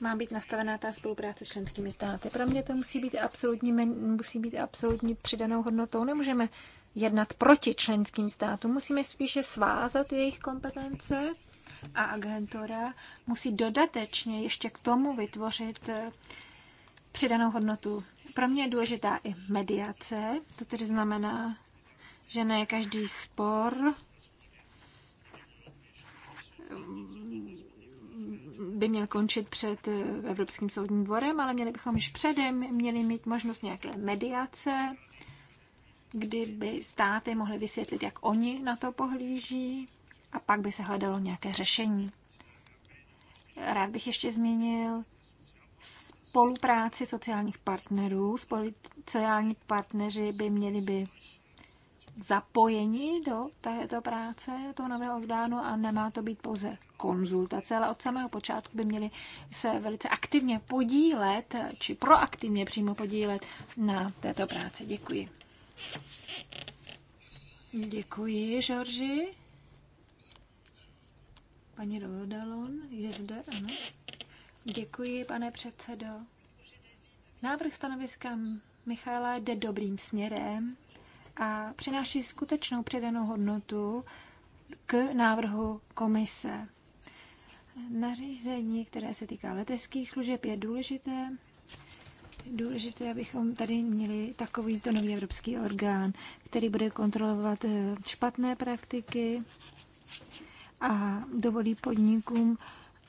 má být nastavená ta spolupráce s členskými státy. Pro mě to musí být absolutní, musí být absolutní přidanou hodnotou. Nemůžeme jednat proti členským státům. Musíme spíše svázat jejich kompetence a agentura musí dodatečně ještě k tomu vytvořit eh, přidanou hodnotu. Pro mě je důležitá i mediace, to tedy znamená, že ne každý spor by měl končit před eh, Evropským soudním dvorem, ale měli bychom již předem měli mít možnost nějaké mediace, kdyby státy mohly vysvětlit, jak oni na to pohlíží a pak by se hledalo nějaké řešení. Rád bych ještě zmínil spolupráci sociálních partnerů. Sociální partneři by měli by zapojeni do této práce toho nového orgánu a nemá to být pouze konzultace, ale od samého počátku by měli se velice aktivně podílet, či proaktivně přímo podílet na této práci. Děkuji. Děkuji, Žorži. Paní Rodalon je zde, ano. Děkuji, pane předsedo. Návrh stanoviska Michaela jde dobrým směrem a přináší skutečnou přidanou hodnotu k návrhu komise. Nařízení, které se týká leteckých služeb, je důležité. Důležité, abychom tady měli takovýto nový evropský orgán, který bude kontrolovat eh, špatné praktiky a dovolí podnikům,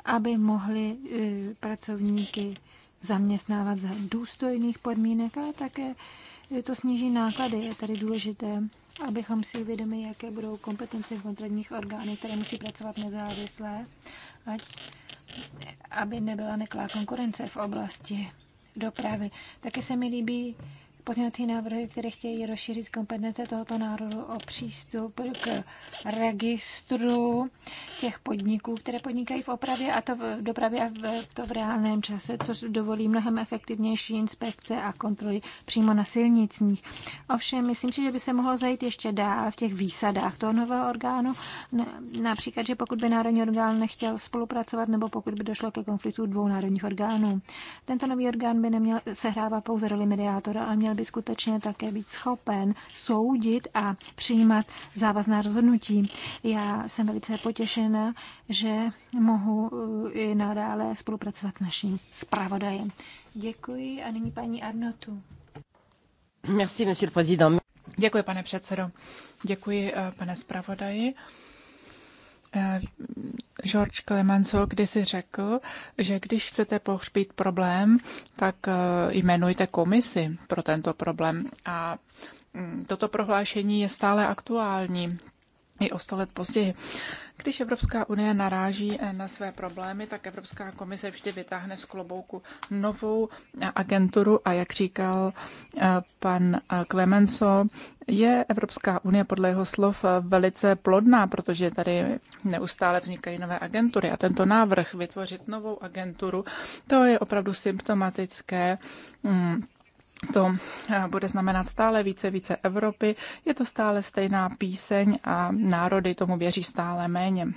aby mohli eh, pracovníky zaměstnávat za důstojných podmínek a také to sníží náklady. Je tady důležité, abychom si uvědomili, jaké budou kompetence kontrolních orgánů, které musí pracovat nezávisle, ať, aby nebyla neklá konkurence v oblasti dopravy. Také se mi líbí pozměňovací návrhy, které chtějí rozšířit kompetence tohoto národu o přístup k registru těch podniků, které podnikají v opravě a to v dopravě a v, to v reálném čase, což dovolí mnohem efektivnější inspekce a kontroly přímo na silnicích. Ovšem, myslím si, že by se mohlo zajít ještě dál v těch výsadách toho nového orgánu, například, že pokud by národní orgán nechtěl spolupracovat nebo pokud by došlo ke konfliktu dvou národních orgánů. Tento nový orgán by neměl sehrávat pouze roli mediátora, ale měl aby skutečně také být schopen soudit a přijímat závazná rozhodnutí. Já jsem velice potěšena, že mohu eh, i nadále spolupracovat s naším zpravodajem. Děkuji a nyní paní Arnotu. Merci, monsieur le président. Děkuji, pane předsedo. Děkuji, eh, pane zpravodaji. Eh, George Clemenceau kdysi řekl, že když chcete pohřbít problém, tak eh, jmenujte komisi pro tento problém. A mm, toto prohlášení je stále aktuální i o sto let později. Když Evropská unie naráží eh, na své problémy, tak Evropská komise vždy vytáhne z klobouku novou eh, agenturu a jak říkal eh, pan Clemenso, je Evropská unie podle jeho slov velice plodná, protože tady neustále vznikají nové agentury a tento návrh vytvořit novou agenturu, to je opravdu symptomatické mm, to eh, bude znamenat stále více, více Evropy. Je to stále stejná píseň a národy tomu věří stále méně.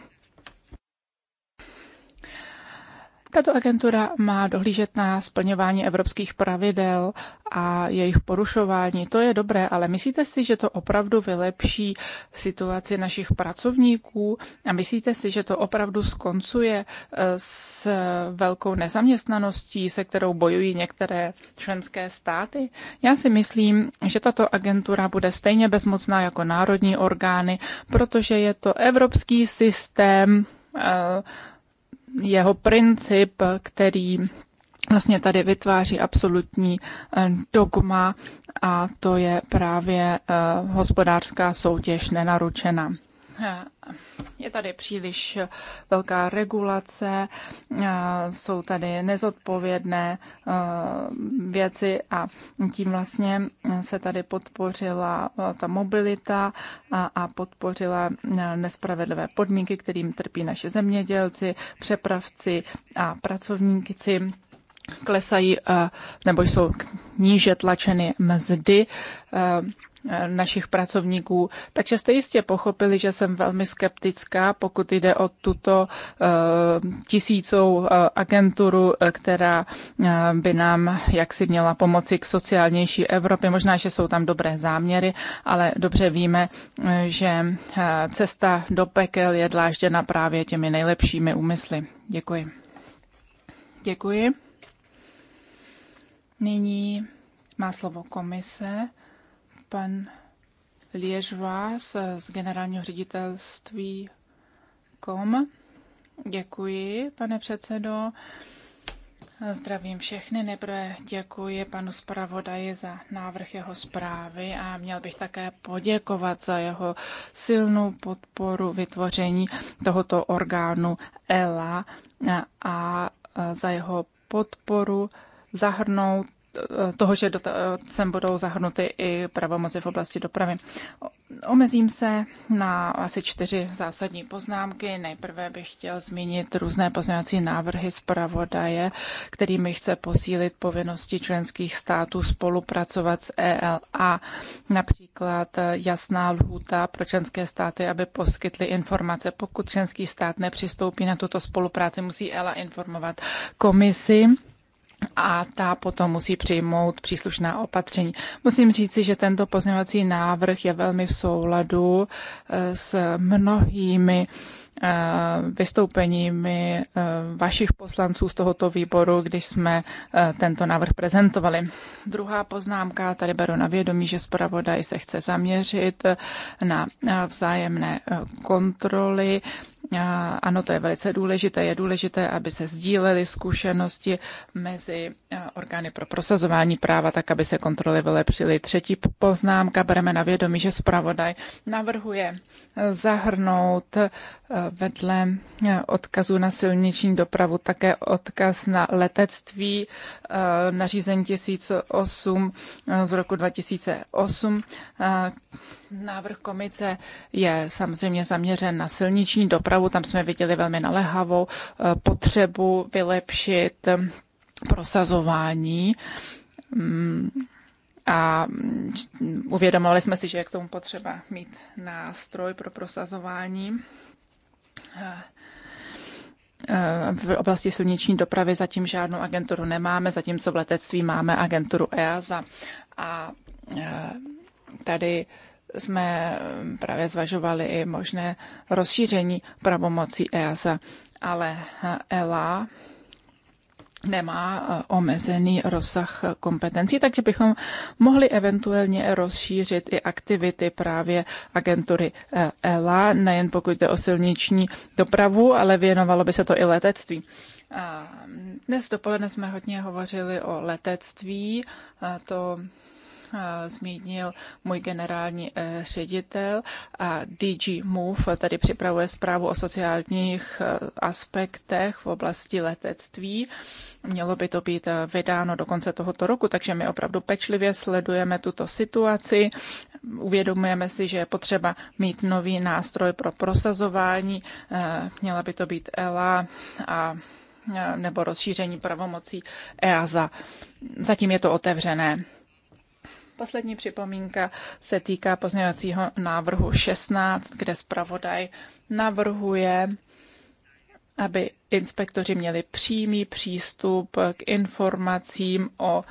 Tato agentura má dohlížet na splňování evropských pravidel a jejich porušování. To je dobré, ale myslíte si, že to opravdu vylepší situaci našich pracovníků a myslíte si, že to opravdu skoncuje eh, s velkou nezaměstnaností, se kterou bojují některé členské státy? Já si myslím, že tato agentura bude stejně bezmocná jako národní orgány, protože je to evropský systém, eh, jeho princip, který vlastně tady vytváří absolutní eh, dogma a to je právě eh, hospodářská soutěž nenaručena. Je tady příliš velká regulace, jsou tady nezodpovědné eh, věci a tím vlastně se tady podpořila eh, ta mobilita a podpořila eh, nespravedlivé podmínky, kterým trpí naše zemědělci, přepravci a pracovníci klesají nebo jsou níže tlačeny mzdy Eh, našich pracovníků. Takže jste jistě pochopili, že jsem velmi skeptická, pokud jde o tuto eh, tisícou eh, agenturu, která by nám jaksi měla pomoci k sociálnější Evropě. Možná, že jsou tam dobré záměry, ale dobře víme, že cesta do pekel je dlážděna právě těmi nejlepšími úmysly. Děkuji. Děkuji. Nyní má slovo komise pan Vás z generálního ředitelství KOM. Děkuji, pane předsedo. Zdravím všechny. Nejprve děkuji panu zpravodaji za návrh jeho zprávy a měl bych také poděkovat za jeho silnou podporu vytvoření tohoto orgánu ELA a za jeho podporu zahrnout toho, že sem budou zahrnuty i pravomoci v oblasti dopravy. Omezím se na asi čtyři zásadní poznámky. Nejprve bych chtěl zmínit různé pozměňovací návrhy zpravodaje, kterými chce posílit povinnosti členských států spolupracovat s ELA. Například jasná lhůta pro členské státy, aby poskytly informace. Pokud členský stát nepřistoupí na tuto spolupráci, musí ELA informovat komisi a ta potom musí přijmout příslušná opatření. Musím říci, že tento pozměňovací návrh je velmi v souladu eh, s mnohými eh, vystoupeními eh, vašich poslanců z tohoto výboru, když jsme tento návrh prezentovali. Druhá poznámka, tady beru na vědomí, že zpravodaj se chce zaměřit na vzájemné kontroly ano, to je velice důležité. Je důležité, aby se sdílely zkušenosti mezi orgány pro prosazování práva, tak aby se kontroly vylepšily. Třetí poznámka bereme na vědomí, že zpravodaj navrhuje zahrnout vedle odkazu na silniční dopravu také odkaz na letectví nařízení 1008 z roku 2008, Návrh komice je samozřejmě zaměřen na silniční dopravu. Tam jsme viděli velmi naléhavou eh, potřebu vylepšit eh, prosazování mm, a mm, uvědomovali jsme si, že je k tomu potřeba mít nástroj pro prosazování. Eh, v oblasti silniční dopravy zatím žádnou agenturu nemáme, zatímco v letectví máme agenturu EASA. A tady jsme právě zvažovali i možné rozšíření pravomocí EASA, ale ELA nemá eh, omezený rozsah kompetencí, takže bychom mohli eventuálně rozšířit i aktivity právě agentury ELA, eh, e nejen pokud jde o silniční dopravu, ale věnovalo by se to i letectví. Eh, dnes dopoledne jsme hodně hovořili o letectví. To Eh, zmínil můj generální eh, ředitel a DG Move tady připravuje zprávu o sociálních eh, aspektech v oblasti letectví. Mělo by to být vydáno do konce tohoto roku, takže my opravdu pečlivě sledujeme tuto situaci. Uvědomujeme si, že je potřeba mít nový nástroj pro prosazování. Měla by to být ELA a nebo rozšíření pravomocí EASA. Zatím je to otevřené poslední připomínka se týká pozměňovacího návrhu 16, kde zpravodaj navrhuje, aby inspektoři měli přímý přístup k informacím o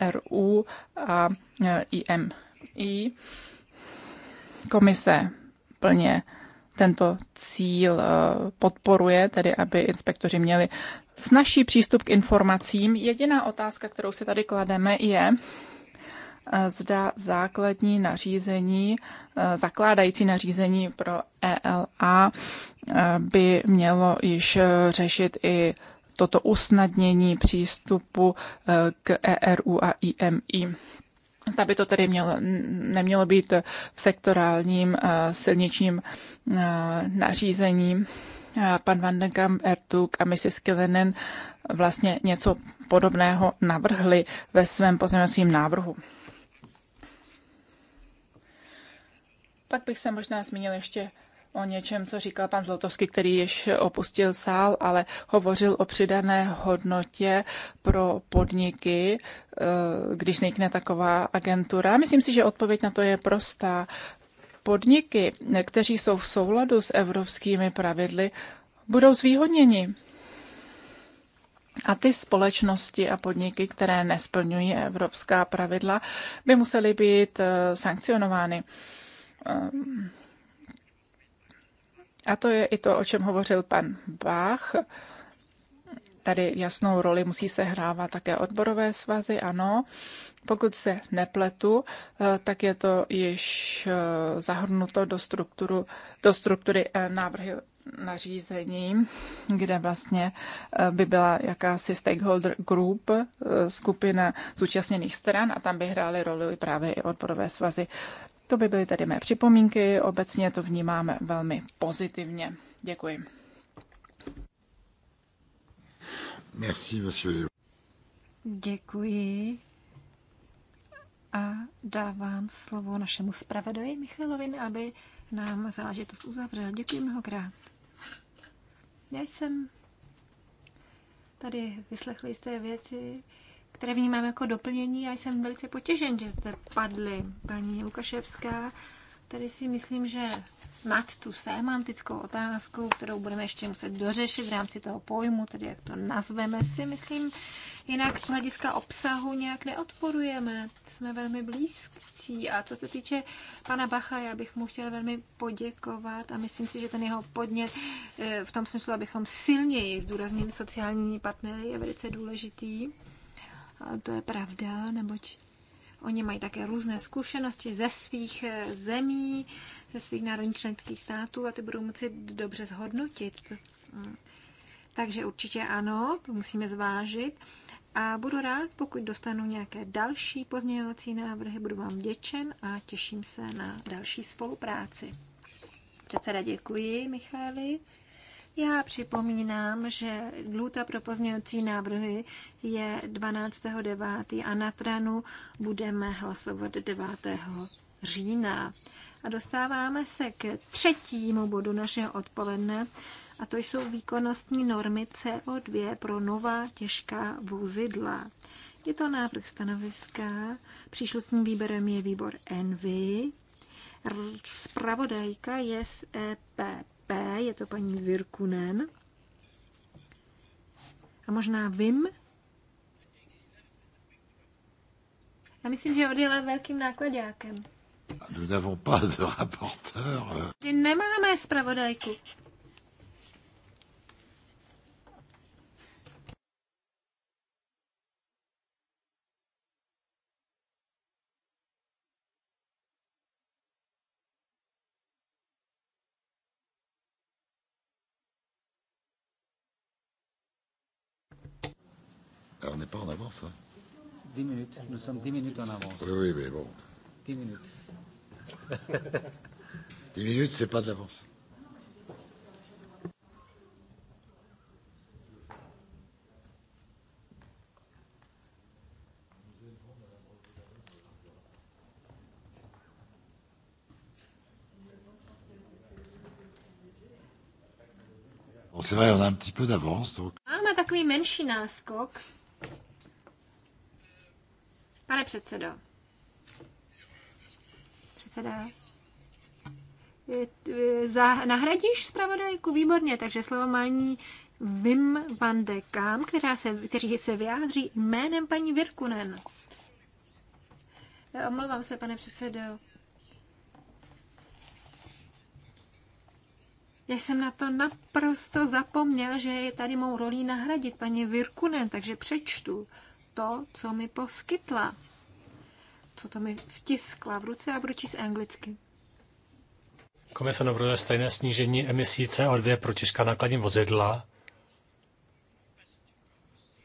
ERU a IMI. E e, Komise plně tento cíl e, podporuje, tedy aby inspektoři měli snažší přístup k informacím. Jediná otázka, kterou si tady klademe, je, Eh, zda základní nařízení, eh, zakládající nařízení pro ELA eh, by mělo již řešit i toto usnadnění přístupu k ERU a IMI. Zda by to tedy mělo, nemělo být v sektorálním silničním nařízení. Pan Van den Kamp, Ertug a Mrs. Killenen vlastně něco podobného navrhli ve svém pozměňovacím návrhu. Pak bych se možná zmínil ještě o něčem, co říkal pan Zlotovský, který již opustil sál, ale hovořil o přidané hodnotě pro podniky, eh, když vznikne taková agentura. Myslím si, že odpověď na to je prostá. Podniky, kteří jsou v souladu s evropskými pravidly, budou zvýhodněni. A ty společnosti a podniky, které nesplňují evropská pravidla, by musely být eh, sankcionovány. A to je i to, o čem hovořil pan Bach. Tady jasnou roli musí se hrávat také odborové svazy, ano. Pokud se nepletu, eh, tak je to již eh, zahrnuto do, strukturu, do struktury eh, návrhy nařízení, kde vlastně by byla jakási stakeholder group, skupina zúčastněných stran a tam by hrály roli právě i odborové svazy. To by byly tedy mé připomínky, obecně to vnímáme velmi pozitivně. Děkuji. Merci, monsieur. Děkuji. A dávám slovo našemu zpravodaji Michalovi, aby nám záležitost uzavřel. Děkuji mnohokrát. Já jsem tady vyslechli jste věci, které vnímám jako doplnění a jsem velice potěžen, že zde padly paní Lukaševská. Tady si myslím, že nad tu semantickou otázkou, kterou budeme ještě muset dořešit v rámci toho pojmu, tedy jak to nazveme si, myslím, jinak z hlediska obsahu nějak neodporujeme. Jsme velmi blízcí a co se týče pana Bacha, já bych mu chtěla velmi poděkovat a myslím si, že ten jeho podnět eh, v tom smyslu, abychom silněji zdůraznili sociální partnery, je velice důležitý to je pravda, neboť oni mají také různé zkušenosti ze svých eh, zemí, ze svých národních členských států a ty budou moci dobře zhodnotit. Mm. Takže určitě ano, to musíme zvážit. A budu rád, pokud dostanu nějaké další pozměňovací návrhy, budu vám děčen a těším se na další spolupráci. Předseda, děkuji, Michaeli. Já připomínám, že lůta pro pozměňovací návrhy je 12.9. a na tranu budeme hlasovat 9. října. A dostáváme se k třetímu bodu našeho odpoledne, a to jsou výkonnostní normy CO2 pro nová těžká vozidla. Je to návrh stanoviska, příslušným výběrem je výbor Envy, Spravodajka je z EPP P, je to paní Virkunen. A možná Vim? Já myslím, že odjela velkým nákladňákem. Nous n'avons pas de rapporteur. Nemáme zpravodajku. Alors, ah, on n'est pas en avance. Hein. 10 minutes. Nous sommes 10 minutes en avance. Oui, oui, mais bon. 10 minutes. 10 <laughs> minutes, c'est pas de l'avance. Bon, c'est vrai, on a un petit peu d'avance, donc. Ah, Máme takový menší náskok. Pane předsedo. Předseda. Za, nahradíš zpravodajku? Výborně, takže slovo maní Vim van de Kam, která se, kteří se vyjádří jménem paní Virkunen. Já e, omlouvám se, pane předsedo. Já jsem na to naprosto zapomněl, že je tady mou rolí nahradit paní Virkunen, takže přečtu to, co mi poskytla co tam je vtiskla v ruce a budu číst anglicky. Komise navrhuje stejné snížení emisí CO2 pro těžká nákladní vozidla,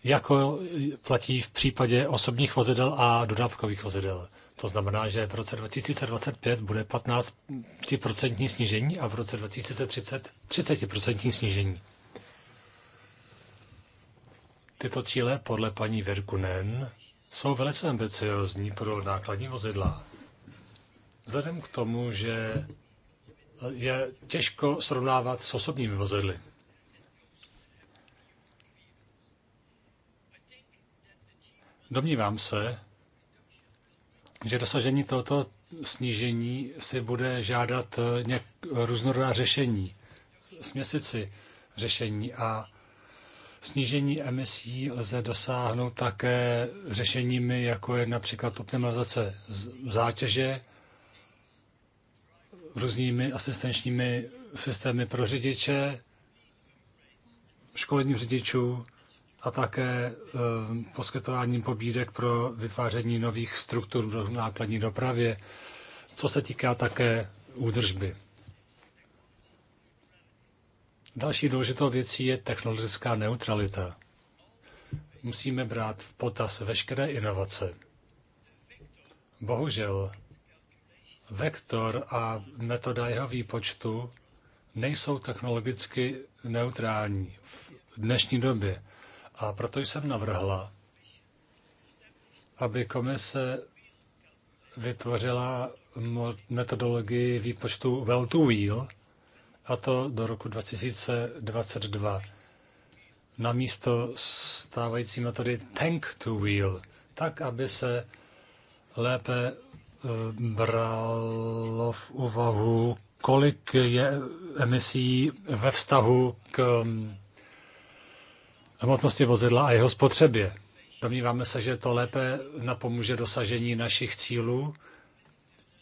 jako platí v případě osobních vozidel a dodávkových vozidel. To znamená, že v roce 2025 bude 15% snížení a v roce 2030 30% snížení. Tyto cíle podle paní Verkunen jsou velice ambiciozní pro nákladní vozidla. Vzhledem k tomu, že je těžko srovnávat s osobními vozidly. Domnívám se, že dosažení tohoto snížení si bude žádat nějak různorodá řešení, směsici řešení a Snížení emisí lze dosáhnout také řešeními, jako je například optimalizace zátěže, různými asistenčními systémy pro řidiče, školením řidičů a také eh, poskytováním pobídek pro vytváření nových struktur v nákladní dopravě, co se týká také údržby. Další důležitou věcí je technologická neutralita. Musíme brát v potaz veškeré inovace. Bohužel, vektor a metoda jeho výpočtu nejsou technologicky neutrální v dnešní době. A proto jsem navrhla, aby komise vytvořila metodologii výpočtu well-to-wheel, a to do roku 2022. Na místo stávající metody tank to wheel, tak, aby se lépe eh, bralo v úvahu, kolik je emisí ve vztahu k mm, hmotnosti vozidla a jeho spotřebě. Domníváme se, že to lépe napomůže dosažení našich cílů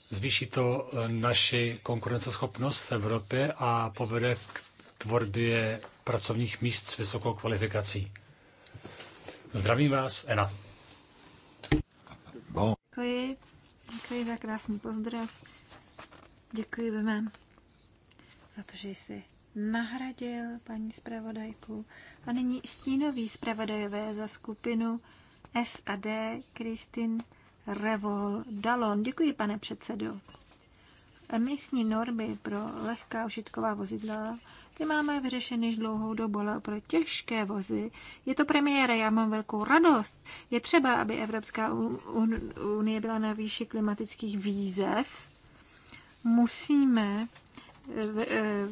Zvýší to eh, naši konkurenceschopnost v Evropě a povede k tvorbě pracovních míst s vysokou kvalifikací. Zdravím vás, Ena. Děkuji, děkuji za krásný pozdrav. Děkuji vám za to, že jsi nahradil paní zpravodajku. A nyní stínový zpravodajové za skupinu SAD Kristin Revol Dalon. Děkuji, pane předsedo. Emisní normy pro lehká užitková vozidla, ty máme vyřešeny již dlouhou dobu, ale pro těžké vozy je to premiéra, já mám velkou radost. Je třeba, aby Evropská unie byla na výši klimatických výzev. Musíme eh, eh,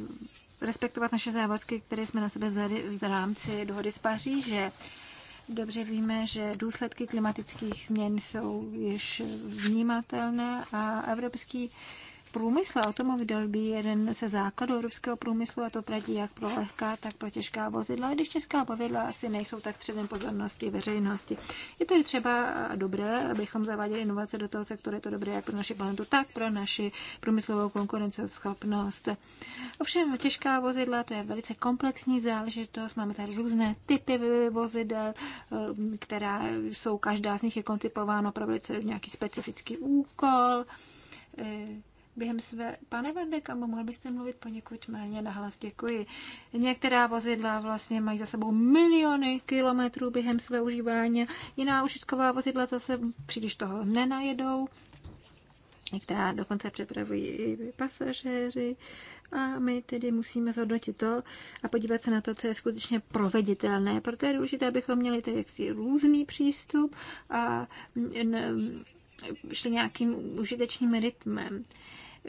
respektovat naše závazky, které jsme na sebe vzali v rámci dohody z Paříže. Dobře víme, že důsledky klimatických změn jsou již vnímatelné a Evropský průmysl. Automobil by jeden ze základů evropského průmyslu a to platí jak pro lehká, tak pro těžká vozidla, když těžká vozidla asi nejsou tak středem pozornosti veřejnosti. Je tedy třeba dobré, abychom zaváděli inovace do toho sektoru, je to dobré jak pro naši planetu, tak pro naši průmyslovou konkurenceschopnost. Ovšem těžká vozidla, to je velice komplexní záležitost, máme tady různé typy vozidel, která jsou, každá z nich je koncipována pro jako velice nějaký specifický úkol, během své... Pane Vendekamu, mohl byste mluvit poněkud méně nahlas, děkuji. Některá vozidla vlastně mají za sebou miliony kilometrů během své užívání, jiná užitková vozidla zase příliš toho nenajedou, některá dokonce přepravují i pasažéři a my tedy musíme zhodnotit to a podívat se na to, co je skutečně proveditelné. Proto je důležité, abychom měli tedy jaksi různý přístup a šli nějakým užitečným rytmem.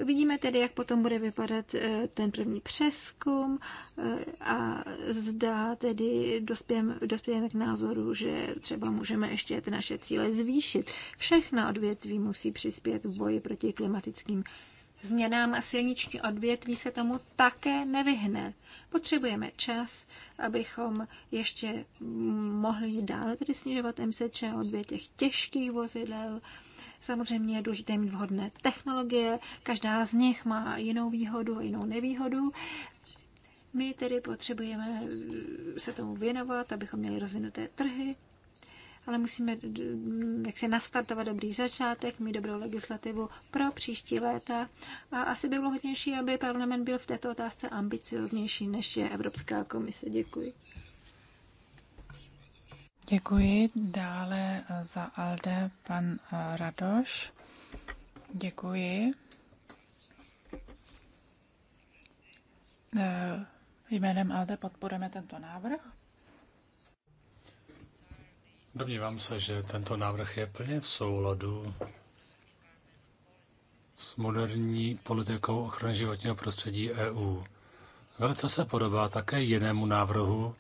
Vidíme tedy, jak potom bude vypadat eh, ten první přeskum eh, a zda tedy dospějeme, dospějeme k názoru, že třeba můžeme ještě ty naše cíle zvýšit. Všechna odvětví musí přispět v boji proti klimatickým změnám a silniční odvětví se tomu také nevyhne. Potřebujeme čas, abychom ještě mohli dále tedy snižovat emise co těch těžkých vozidel, Samozřejmě je důležité mít vhodné technologie, každá z nich má jinou výhodu a jinou nevýhodu. My tedy potřebujeme eh, se tomu věnovat, abychom měli rozvinuté trhy, ale musíme jak se nastartovat dobrý začátek, mít dobrou legislativu pro příští léta. A asi by bylo hodnější, aby parlament byl v této otázce ambicioznější, než je Evropská komise. Děkuji. Děkuji. Dále eh, za ALDE pan eh, Radoš. Děkuji. Eh, jménem ALDE podporujeme tento návrh. Domnívám se, že tento návrh je plně v souladu s moderní politikou ochrany životního prostředí EU. Velice se podobá také jinému návrhu,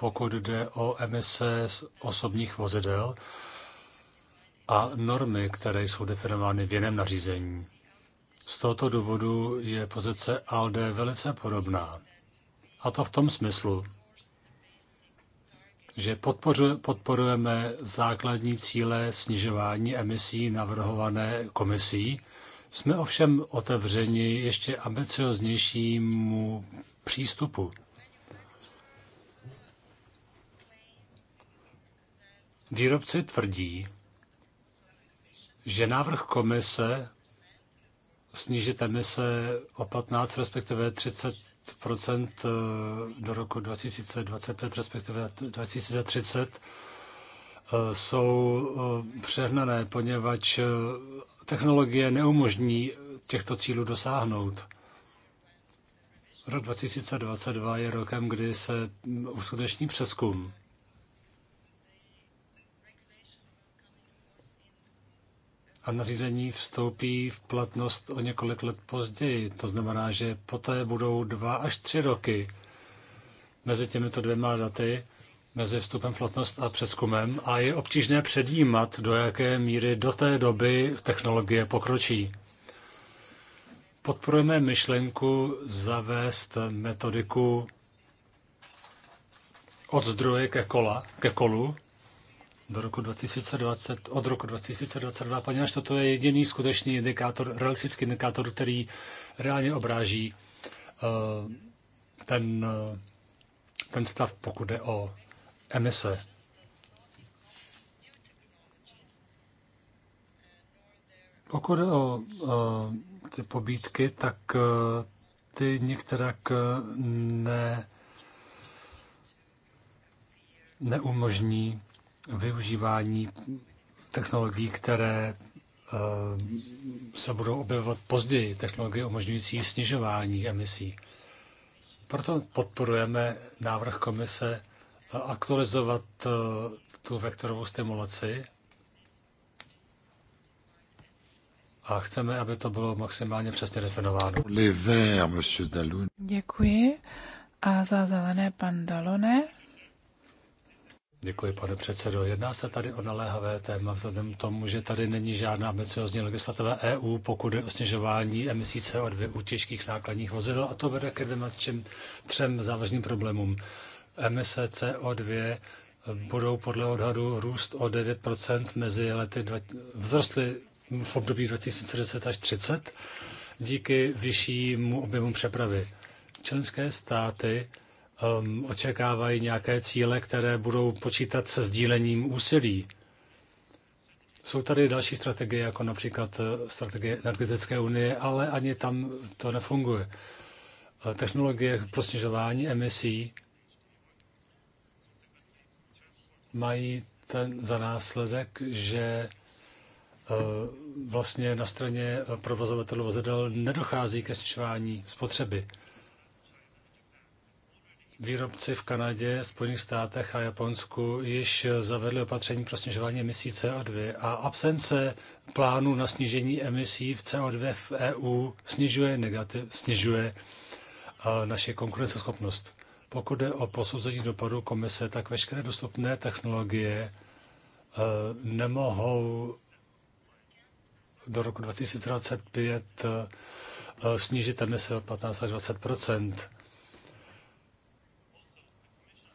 pokud jde o emise z osobních vozidel a normy, které jsou definovány v jiném nařízení. Z tohoto důvodu je pozice ALDE velice podobná. A to v tom smyslu, že podporujeme základní cíle snižování emisí navrhované komisí, jsme ovšem otevřeni ještě ambicioznějšímu přístupu. Výrobci tvrdí, že návrh komise snížit emise o 15, respektive 30 eh, do roku 2025, respektive 2030, eh, jsou eh, přehnané, poněvadž technologie neumožní těchto cílů dosáhnout. Rok 2022 je rokem, kdy se uskuteční přeskum. a nařízení vstoupí v platnost o několik let později. To znamená, že poté budou dva až tři roky mezi těmito dvěma daty, mezi vstupem v platnost a přeskumem a je obtížné předjímat, do jaké míry do té doby technologie pokročí. Podporujeme myšlenku zavést metodiku od zdroje ke, kola, ke kolu, do roku 2020, od roku 2022, poněvadž toto je jediný skutečný indikátor, realistický indikátor, který reálně obráží eh, ten, eh, ten stav, pokud jde o emise. Pokud jde o eh, ty pobítky, tak ty některak ne, neumožní využívání technologií, které eh, se budou objevovat později, technologie umožňující snižování emisí. Proto podporujeme návrh komise eh, aktualizovat eh, tu vektorovou stimulaci a chceme, aby to bylo maximálně přesně definováno. Děkuji. A za zelené pan Dalone. Děkuji, pane předsedo. Jedná se tady o naléhavé téma vzhledem k tomu, že tady není žádná ambiciozní legislativa EU, pokud je o snižování emisí CO2 u těžkých nákladních vozidel a to vede ke dvěma čem, třem závažným problémům. Emise CO2 budou podle odhadu růst o 9% mezi lety, dva, vzrostly v období 2010 až 30 díky vyššímu objemu přepravy. Členské státy um, očekávají nějaké cíle, které budou počítat se sdílením úsilí. Jsou tady další strategie, jako například eh, strategie energetické unie, ale ani tam to nefunguje. Eh, technologie pro snižování emisí mají ten za následek, že eh, vlastně na straně provozovatelů vozidel nedochází ke snižování spotřeby. Výrobci v Kanadě, Spojených státech a Japonsku již zavedli opatření pro snižování emisí CO2 a absence plánu na snížení emisí v CO2 v EU snižuje, negativ, snižuje naše konkurenceschopnost. Pokud jde o posouzení dopadu komise, tak veškeré dostupné technologie nemohou do roku 2025 snížit emise o 15 až 20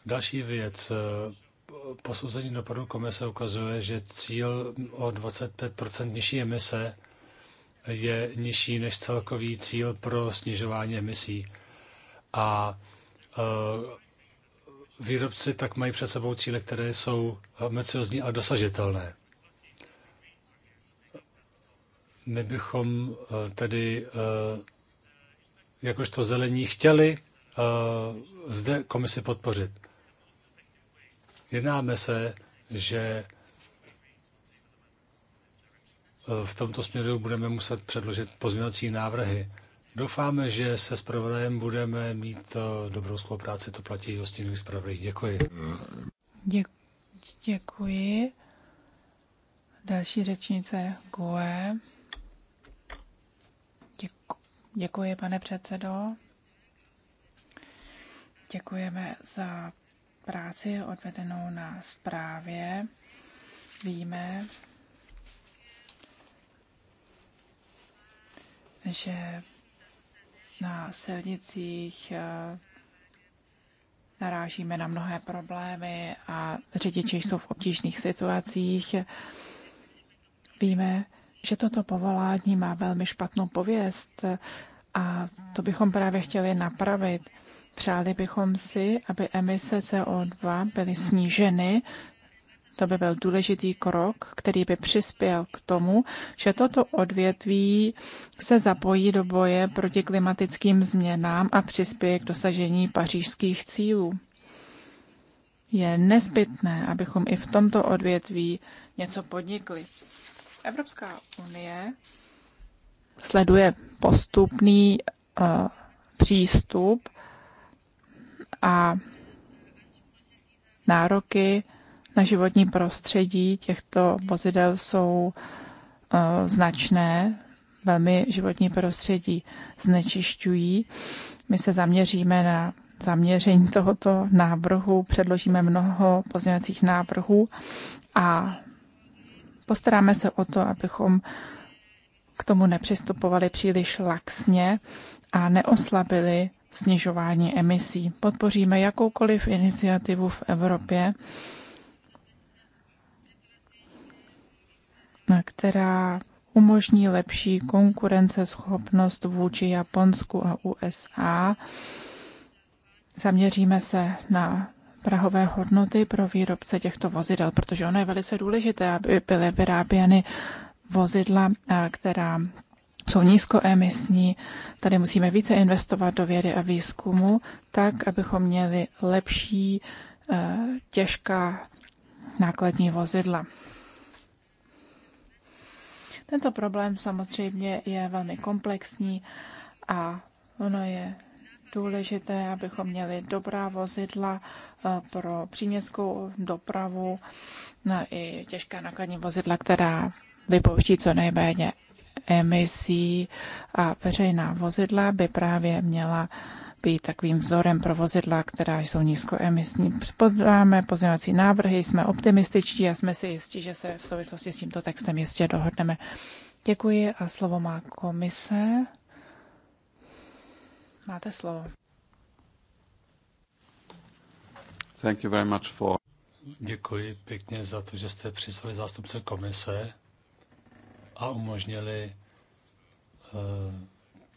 Další věc. Eh, posouzení dopadu komise ukazuje, že cíl o 25 nižší emise je nižší než celkový cíl pro snižování emisí. A eh, výrobci tak mají před sebou cíle, které jsou ambiciozní a dosažitelné. My bychom eh, tedy jakožto zelení chtěli zde komisi podpořit. Jednáme se, že eh, v tomto směru budeme muset předložit pozměňovací návrhy. Doufáme, že se zpravodajem budeme mít eh, dobrou spolupráci, to platí i hostinných zpravodajích. Děkuji. Děkuji. Děkuji. Další řečnice Goe. Děku, děkuji, pane předsedo. Děkujeme za práci odvedenou na zprávě víme, že na silnicích eh, narážíme na mnohé problémy a řidiči jsou v obtížných situacích. Víme, že toto povolání má velmi špatnou pověst a to bychom právě chtěli napravit. Přáli bychom si, aby emise CO2 byly sníženy. To by byl důležitý krok, který by přispěl k tomu, že toto odvětví se zapojí do boje proti klimatickým změnám a přispěje k dosažení pařížských cílů. Je nezbytné, abychom i v tomto odvětví něco podnikli. Evropská unie sleduje postupný uh, přístup a nároky na životní prostředí těchto vozidel jsou uh, značné, velmi životní prostředí znečišťují. My se zaměříme na zaměření tohoto návrhu, předložíme mnoho pozměňovacích návrhů a postaráme se o to, abychom k tomu nepřistupovali příliš laxně a neoslabili snižování emisí. Podpoříme jakoukoliv iniciativu v Evropě, která umožní lepší konkurenceschopnost vůči Japonsku a USA. Zaměříme se na prahové hodnoty pro výrobce těchto vozidel, protože ono je velice důležité, aby byly vyráběny vozidla, která jsou nízkoemisní. Tady musíme více investovat do vědy a výzkumu, tak, abychom měli lepší eh, těžká nákladní vozidla. Tento problém samozřejmě je velmi komplexní a ono je důležité, abychom měli dobrá vozidla eh, pro příměstskou dopravu no i těžká nákladní vozidla, která vypouští co nejméně emisí a veřejná vozidla by právě měla být takovým vzorem pro vozidla, která jsou nízkoemisní. Podáme pozměňovací návrhy, jsme optimističtí a jsme si jistí, že se v souvislosti s tímto textem jistě dohodneme. Děkuji a slovo má komise. Máte slovo. Thank you very much for... Děkuji pěkně za to, že jste přizvali zástupce komise a umožnili eh,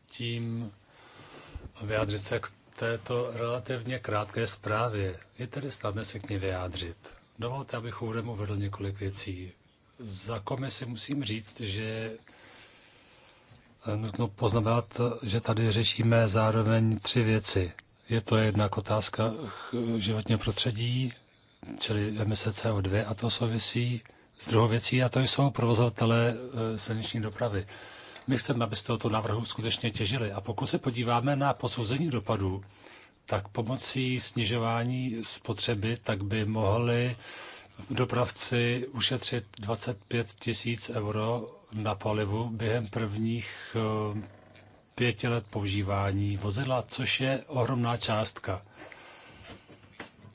tím vyjádřit se k této relativně krátké zprávě. Je tedy snadné se k ní vyjádřit. Dovolte, abych úvodem uvedl několik věcí. Za komisi musím říct, že nutno poznamenat, že tady řešíme zároveň tři věci. Je to jednak otázka životního prostředí, čili emise CO2 a to souvisí z druhou věcí a to jsou provozovatele e, silniční dopravy. My chceme, aby z tohoto návrhu skutečně těžili. A pokud se podíváme na posouzení dopadů, tak pomocí snižování spotřeby, tak by mohli dopravci ušetřit 25 tisíc euro na palivu během prvních e, pěti let používání vozidla, což je ohromná částka.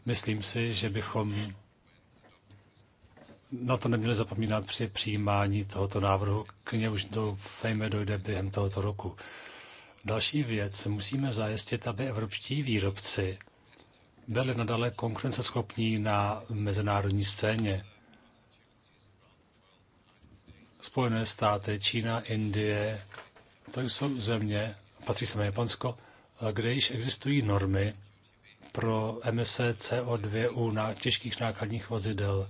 Myslím si, že bychom na to neměli zapomínat při přijímání tohoto návrhu, k ně už doufejme dojde během tohoto roku. Další věc, musíme zajistit, aby evropští výrobci byli nadále konkurenceschopní na mezinárodní scéně. Spojené státy, Čína, Indie, to jsou země, patří se Japonsko, kde již existují normy pro emise CO2 u těžkých nákladních vozidel.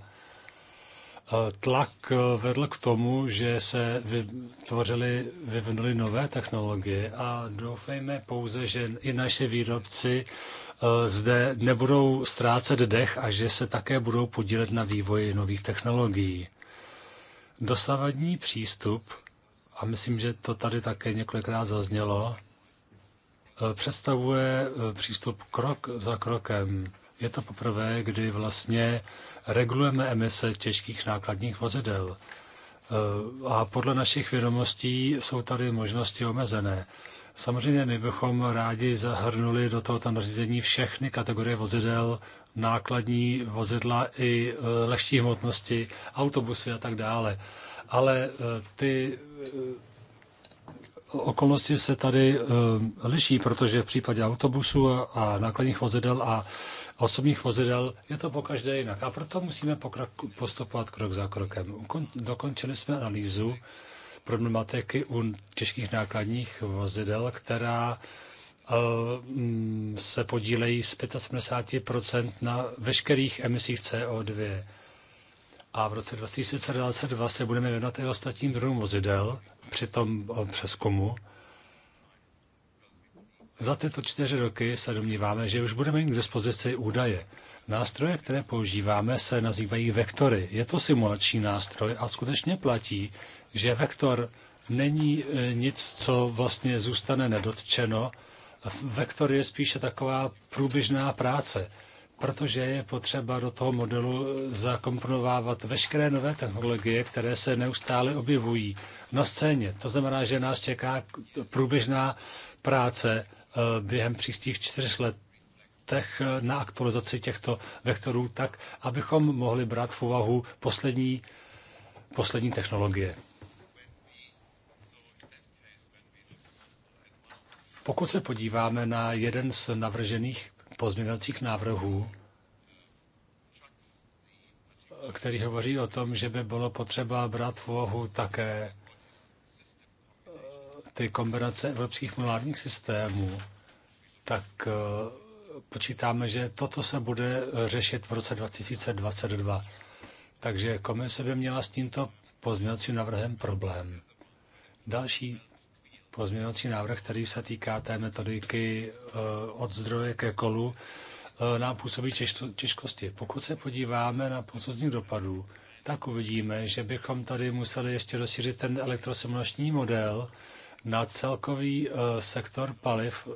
Eh, tlak eh, vedl k tomu, že se vytvořily, vyvinuly nové technologie a doufejme pouze, že i naše výrobci eh, zde nebudou ztrácet dech a že se také budou podílet na vývoji nových technologií. Dosavadní přístup, a myslím, že to tady také několikrát zaznělo, představuje přístup krok za krokem. Je to poprvé, kdy vlastně regulujeme emise těžkých nákladních vozidel. Eh, a podle našich vědomostí jsou tady možnosti omezené. Samozřejmě my bychom rádi zahrnuli do tohoto nařízení všechny kategorie vozidel, nákladní vozidla i eh, lehčí hmotnosti, autobusy a tak dále. Ale eh, ty okolnosti se tady liší, protože v případě autobusů a nákladních vozidel a osobních vozidel, je to pokaždé jinak. A proto musíme postupovat krok za krokem. Dokončili jsme analýzu problematiky u těžkých nákladních vozidel, která eh, mm, se podílejí z 75% na veškerých emisích CO2. A v roce 2022 se budeme věnovat i ostatním druhům vozidel při tom eh, přeskumu. Za tyto čtyři roky se domníváme, že už budeme mít k dispozici údaje. Nástroje, které používáme, se nazývají vektory. Je to simulační nástroj a skutečně platí, že vektor není e, nic, co vlastně zůstane nedotčeno. Vektor je spíše taková průběžná práce, protože je potřeba do toho modelu e, zakomponovávat veškeré nové technologie, které se neustále objevují na scéně. To znamená, že nás čeká průběžná práce Eh, během příštích čtyř těch eh, na aktualizaci těchto vektorů tak, abychom mohli brát v úvahu poslední, poslední technologie. Pokud se podíváme na jeden z navržených pozměňovacích návrhů, který hovoří o tom, že by bylo potřeba brát v úvahu také ty kombinace evropských molárních systémů, tak eh, počítáme, že toto se bude eh, řešit v roce 2022. Takže komise by měla s tímto pozměňovacím návrhem problém. Další pozměňovací návrh, který se týká té metodiky eh, od zdroje ke kolu, nám působí těžkosti. Pokud se podíváme na posledních dopadů, tak uvidíme, že bychom tady museli ještě rozšířit ten elektrosimulační model, na celkový eh, sektor paliv,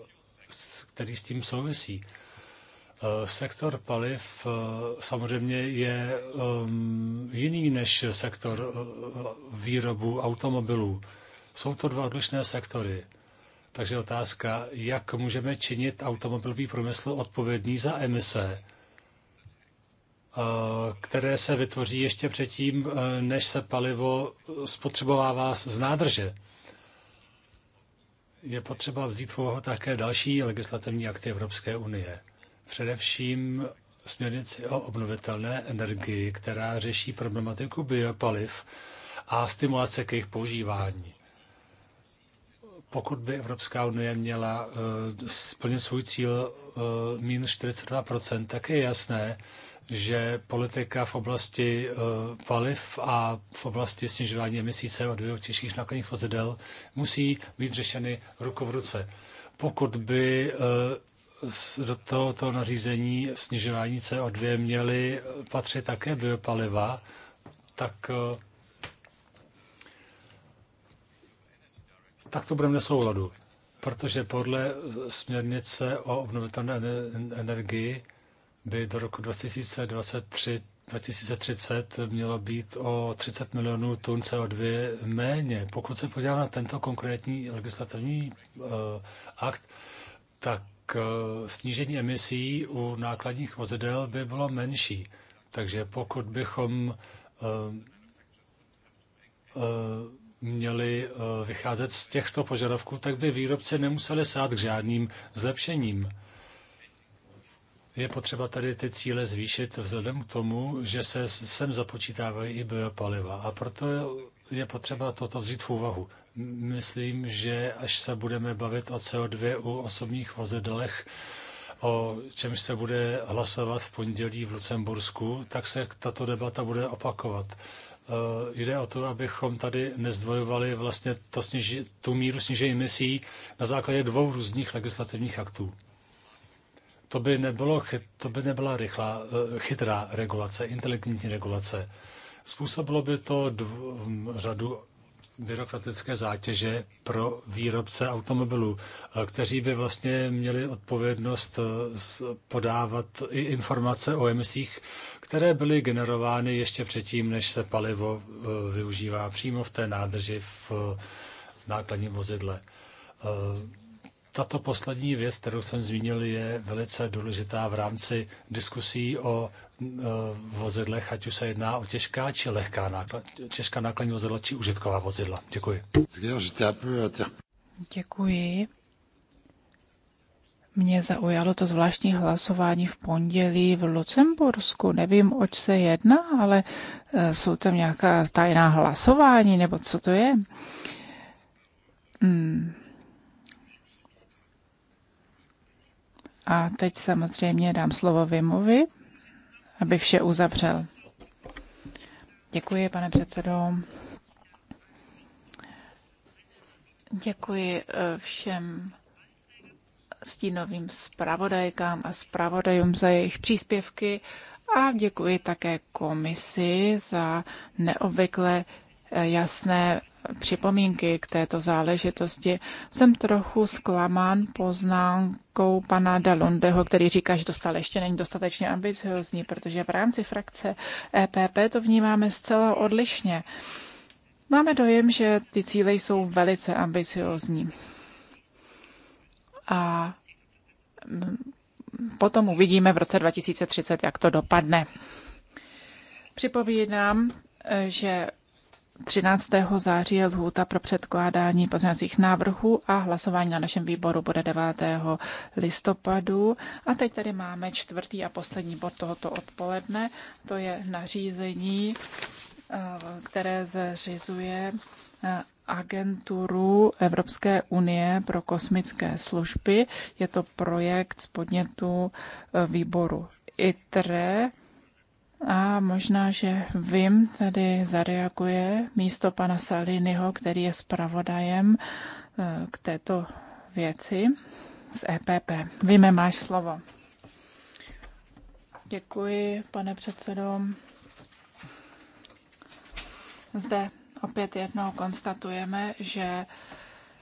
který s tím souvisí. Eh, sektor paliv eh, samozřejmě je ehm, jiný než sektor výrobu automobilů. Jsou to dva odlišné sektory. Takže otázka, jak můžeme činit automobilový průmysl odpovědný za emise, které se vytvoří ještě předtím, než se palivo spotřebovává z nádrže je potřeba vzít v úvahu také další legislativní akty Evropské unie. Především směrnici o obnovitelné energii, která řeší problematiku biopaliv a stimulace k jejich používání. Pokud by Evropská unie měla eh, splnit svůj cíl eh, minus 42%, tak je jasné, že politika v oblasti eh, paliv a v oblasti snižování emisí CO2 těžkých nákladních vozidel musí být řešeny ruku v ruce. Pokud by eh, do tohoto nařízení snižování CO2 měly patřit také biopaliva, tak eh, tak to budeme nesouladu, protože podle směrnice o obnovitelné energii by do roku 2023 2030 mělo být o 30 milionů tun CO2 méně. Pokud se podíváme na tento konkrétní legislativní eh, akt, tak eh, snížení emisí u nákladních vozidel by bylo menší. Takže pokud bychom eh, měli vycházet z těchto požadavků, tak by výrobci nemuseli sát k žádným zlepšením je potřeba tady ty cíle zvýšit vzhledem k tomu, že se sem započítávají i biopaliva. A proto je potřeba toto vzít v úvahu. Myslím, že až se budeme bavit o CO2 u osobních vozidlech, o čemž se bude hlasovat v pondělí v Lucembursku, tak se tato debata bude opakovat. Eh, jde o to, abychom tady nezdvojovali vlastně to sniži, tu míru snížení emisí na základě dvou různých legislativních aktů. To by, nebylo, to by nebyla rychlá, eh, chytrá regulace, inteligentní regulace. Způsobilo by to dv, mm, řadu byrokratické zátěže pro výrobce automobilů, eh, kteří by vlastně měli odpovědnost eh, podávat i informace o emisích, které byly generovány ještě předtím, než se palivo využívá přímo v té nádrži v nákladním vozidle. Tato poslední věc, kterou jsem zmínil, je velice důležitá v rámci diskusí o e, vozidlech, ať už se jedná o těžká či lehká náklad, těžká nákladní vozidla či užitková vozidla. Děkuji. Děkuji. Mě zaujalo to zvláštní hlasování v pondělí v Lucembursku. Nevím, oč se jedná, ale e, jsou tam nějaká tajná hlasování, nebo co to je? Hmm. A teď samozřejmě dám slovo Vimovi, aby vše uzavřel. Děkuji, pane předsedo. Děkuji eh, všem stínovým zpravodajkám a zpravodajům za jejich příspěvky a děkuji také komisi za neobvykle eh, jasné připomínky k této záležitosti. Jsem trochu zklamán poznámkou pana Dalondeho, který říká, že to stále ještě není dostatečně ambiciozní, protože v rámci frakce EPP to vnímáme zcela odlišně. Máme dojem, že ty cíle jsou velice ambiciozní. A potom uvidíme v roce 2030, jak to dopadne. Připomínám, že 13. září je lhůta pro předkládání pozměňovacích návrhů a hlasování na našem výboru bude 9. listopadu. A teď tady máme čtvrtý a poslední bod tohoto odpoledne, to je nařízení, eh, které zřizuje eh, agenturu Evropské unie pro kosmické služby. Je to projekt z podnětu eh, výboru ITRE a možná, že Vim tady zareaguje místo pana Saliniho, který je zpravodajem eh, k této věci z EPP. Víme máš slovo. Děkuji, pane předsedo. Zde opět jednou konstatujeme, že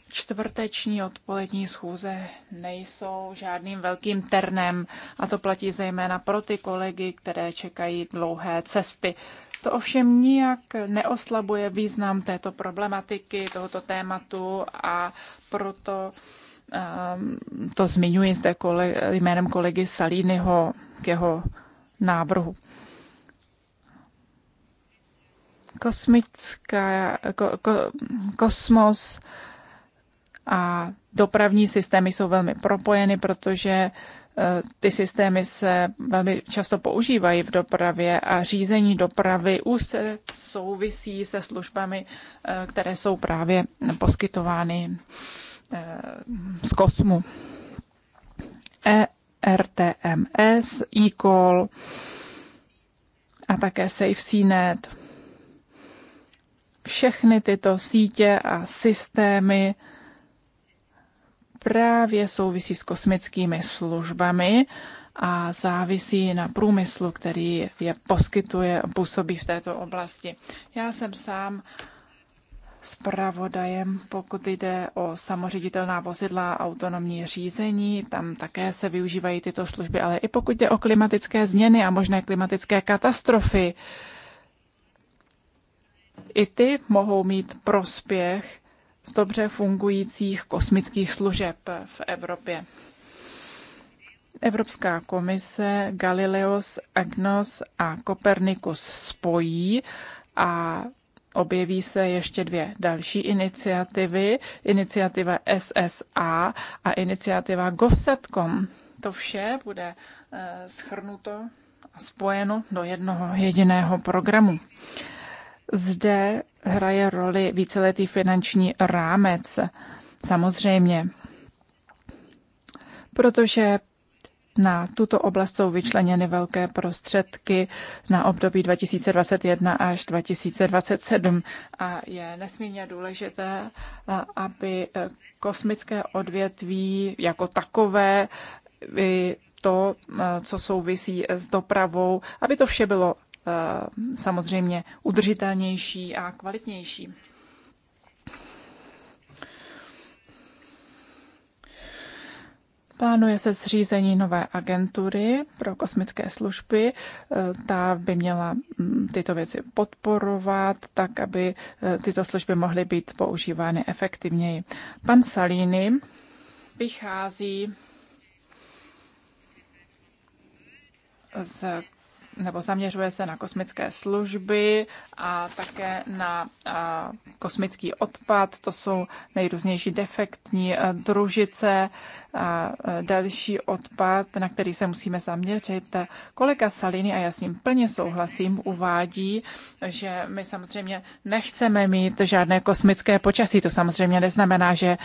čtvrteční odpolední schůze nejsou žádným velkým ternem a to platí zejména pro ty kolegy, které čekají dlouhé cesty. To ovšem nijak neoslabuje význam této problematiky, tohoto tématu a proto um, to zmiňuji zde kole, jménem kolegy Salínyho k jeho návrhu. Kosmická, ko, ko, kosmos a dopravní systémy jsou velmi propojeny, protože e, ty systémy se velmi často používají v dopravě a řízení dopravy se souvisí se službami, e, které jsou právě poskytovány e, z kosmu. ERTMS, e-call a také SafeCNet. Všechny tyto sítě a systémy právě souvisí s kosmickými službami a závisí na průmyslu, který je poskytuje a působí v této oblasti. Já jsem sám zpravodajem, pokud jde o samoředitelná vozidla autonomní řízení. Tam také se využívají tyto služby, ale i pokud jde o klimatické změny a možné klimatické katastrofy, i ty mohou mít prospěch dobře fungujících kosmických služeb v Evropě. Evropská komise Galileos, Agnos a Kopernikus spojí a objeví se ještě dvě další iniciativy, iniciativa SSA a iniciativa GovSatcom. To vše bude eh, schrnuto a spojeno do jednoho jediného programu. Zde hraje roli víceletý finanční rámec. Samozřejmě, protože na tuto oblast jsou vyčleněny velké prostředky na období 2021 až 2027 a je nesmírně důležité, aby kosmické odvětví jako takové to, co souvisí s dopravou, aby to vše bylo Eh, samozřejmě udržitelnější a kvalitnější. Plánuje se zřízení nové agentury pro kosmické služby. Eh, ta by měla mm, tyto věci podporovat, tak aby eh, tyto služby mohly být používány efektivněji. Pan Salini vychází z nebo zaměřuje se na kosmické služby a také na a, kosmický odpad. To jsou nejrůznější defektní družice, a e, další odpad, na který se musíme zaměřit. Kolega Salini, a já s ním plně souhlasím, uvádí, že my samozřejmě nechceme mít žádné kosmické počasí. To samozřejmě neznamená, že e,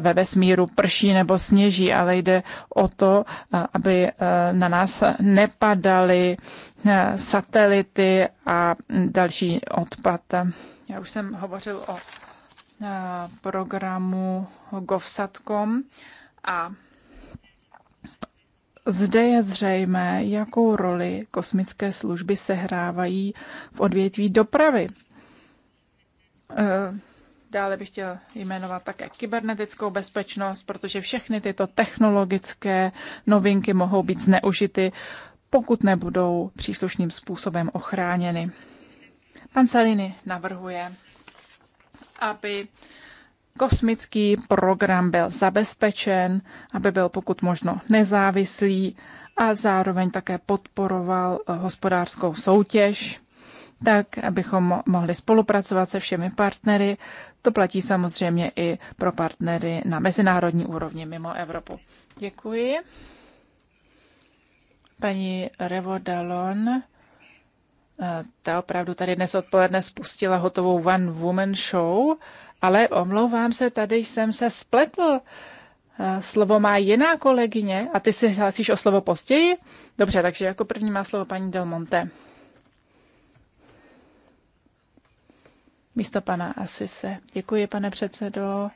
ve vesmíru prší nebo sněží, ale jde o to, e, aby na nás nepadaly satelity a další odpad. Já už jsem hovořil o programu govsatcom a zde je zřejmé, jakou roli kosmické služby sehrávají v odvětví dopravy. Eh, dále bych chtěl jmenovat také kybernetickou bezpečnost, protože všechny tyto technologické novinky mohou být zneužity, pokud nebudou příslušným způsobem ochráněny. Pan Salini navrhuje, aby uh, Kosmický program byl zabezpečen, aby byl pokud možno nezávislý a zároveň také podporoval eh, hospodářskou soutěž, tak abychom mohli spolupracovat se všemi partnery. To platí samozřejmě i pro partnery na mezinárodní úrovni mimo Evropu. Děkuji. Paní Revodalon, eh, ta opravdu tady dnes odpoledne spustila hotovou One Woman Show ale omlouvám se, tady jsem se spletl. Eh, slovo má jiná kolegyně a ty se hlásíš o slovo později? Dobře, takže jako první má slovo paní Del Monte. Místo pana Asise. Děkuji, pane předsedo.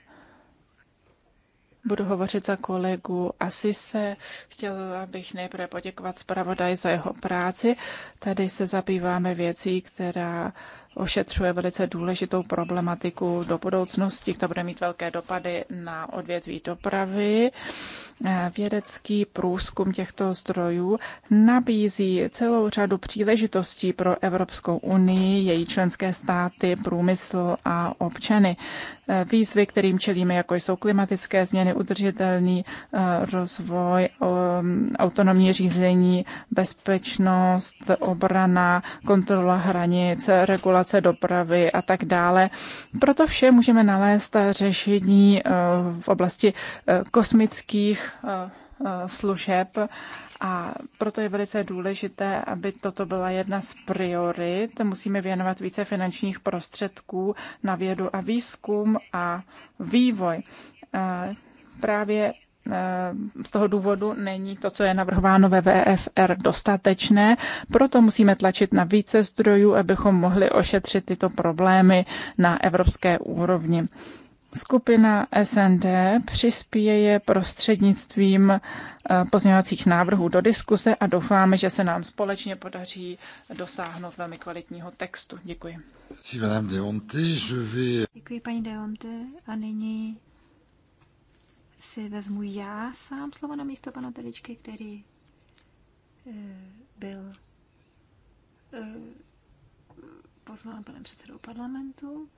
Budu hovořit za kolegu Asise. Chtěla bych nejprve poděkovat zpravodaj za jeho práci. Tady se zabýváme věcí, která ošetřuje velice důležitou problematiku do budoucnosti, která bude mít velké dopady na odvětví dopravy. Eh, vědecký průzkum těchto zdrojů nabízí celou řadu příležitostí pro Evropskou unii, její členské státy, průmysl a občany. Eh, výzvy, kterým čelíme, jako jsou klimatické změny, udržitelný eh, rozvoj, ehm, autonomní řízení, bezpečnost, obrana, kontrola hranic, regulace situace dopravy a tak dále. Proto vše můžeme nalézt řešení eh, v oblasti eh, kosmických eh, služeb a proto je velice důležité, aby toto byla jedna z priorit. Musíme věnovat více finančních prostředků na vědu a výzkum a vývoj. Právě Eh, z toho důvodu není to, co je navrhováno ve VFR dostatečné, proto musíme tlačit na více zdrojů, abychom mohli ošetřit tyto problémy na evropské úrovni. Skupina SND přispěje prostřednictvím eh, pozměňovacích návrhů do diskuse a doufáme, že se nám společně podaří dosáhnout velmi kvalitního textu. Děkuji. Děkuji paní Deonte a nyní si vezmu já sám slovo na místo pana Teličky, který eh, byl eh, pozván panem předsedou parlamentu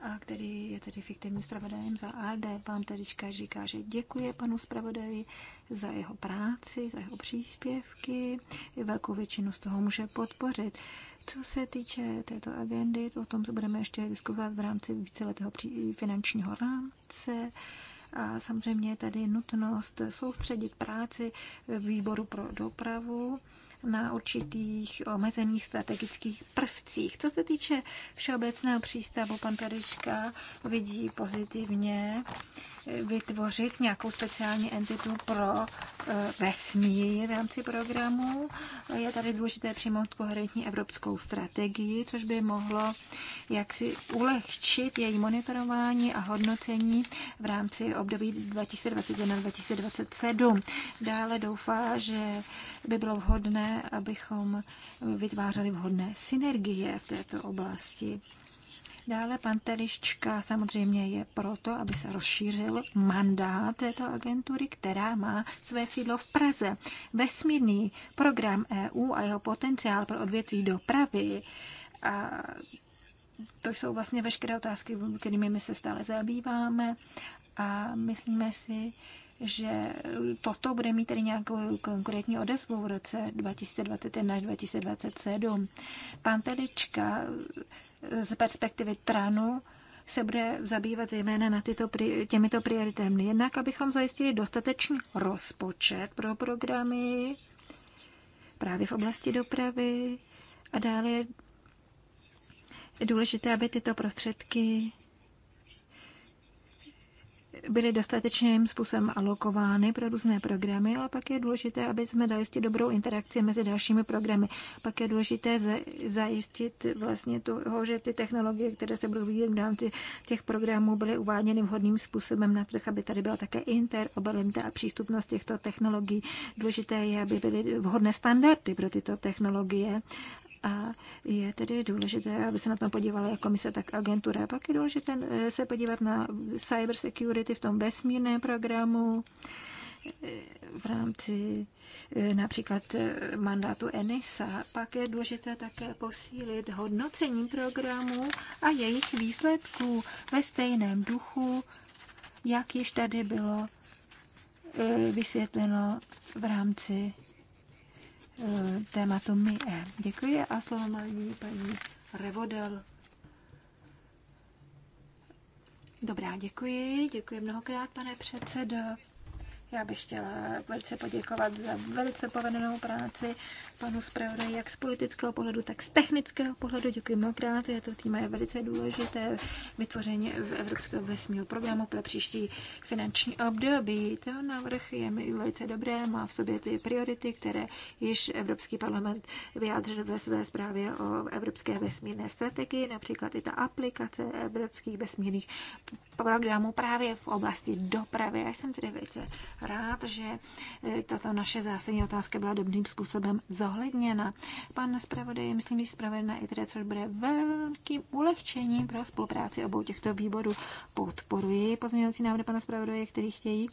a který je tedy fiktivním zpravodajem za ALD. Pan Telička říká, že děkuje panu zpravodaji za jeho práci, za jeho příspěvky. Velkou většinu z toho může podpořit. Co se týče této agendy, o tom se budeme ještě diskutovat v rámci víceletého finančního rámce. A samozřejmě je tady nutnost soustředit práci výboru pro dopravu na určitých omezených strategických prvcích. Co se týče všeobecného přístavu, pan Periška vidí pozitivně vytvořit nějakou speciální entitu pro e, vesmír v rámci programu. Je tady důležité přijmout koherentní evropskou strategii, což by mohlo jaksi ulehčit její monitorování a hodnocení v rámci období 2021-2027. Dále doufá, že by bylo vhodné, abychom vytvářeli vhodné synergie v této oblasti. Dále pan Teliščka samozřejmě je proto, aby se rozšířil mandát této agentury, která má své sídlo v Praze. Vesmírný program EU a jeho potenciál pro odvětví dopravy a to jsou vlastně veškeré otázky, kterými my se stále zabýváme a myslíme si, že toto bude mít tedy nějakou konkrétní odezvu v roce 2021 až 2027. Pan Telička z perspektivy TRANu se bude zabývat zejména na tyto, těmito prioritami. Jednak, abychom zajistili dostatečný rozpočet pro programy právě v oblasti dopravy a dále je důležité, aby tyto prostředky byly dostatečným způsobem alokovány pro různé programy, ale pak je důležité, aby jsme zajistili dobrou interakci mezi dalšími programy. Pak je důležité zajistit vlastně toho, že ty technologie, které se budou vidět v rámci těch programů, byly uváděny vhodným způsobem na trh, aby tady byla také interoperabilita a přístupnost těchto technologií. Důležité je, aby byly vhodné standardy pro tyto technologie a je tedy důležité, aby se na tom podívala jak komise, tak agentura. Pak je důležité eh, se podívat na cyber security v tom vesmírném programu eh, v rámci eh, například mandátu ENISA. Pak je důležité také posílit hodnocení programů a jejich výsledků ve stejném duchu, jak již tady bylo vysvětleno v rámci Eh, tématu e. Děkuji a slovo má nyní paní Revodel. Dobrá, děkuji. Děkuji mnohokrát, pane předsedo. Já bych chtěla velice poděkovat za velice povedenou práci panu zpravodaji, jak z politického pohledu, tak z technického pohledu. Děkuji mnohokrát, je to téma je velice důležité. Vytvoření Evropského vesmírného programu pro příští finanční období. Ten návrh je mi velice dobré, má v sobě ty priority, které již Evropský parlament vyjádřil ve své zprávě o Evropské vesmírné strategii, například i ta aplikace evropských vesmírných programů právě v oblasti dopravy. Já jsem tedy velice rád, že e, tato naše zásadní otázka byla dobrým způsobem zohledněna. Pan zpravodaj, myslím, že zpravodaj i tedy, což bude velkým ulehčením pro spolupráci obou těchto výborů. Podporuji pozměňovací návrhy pana zpravodaje, který chtějí,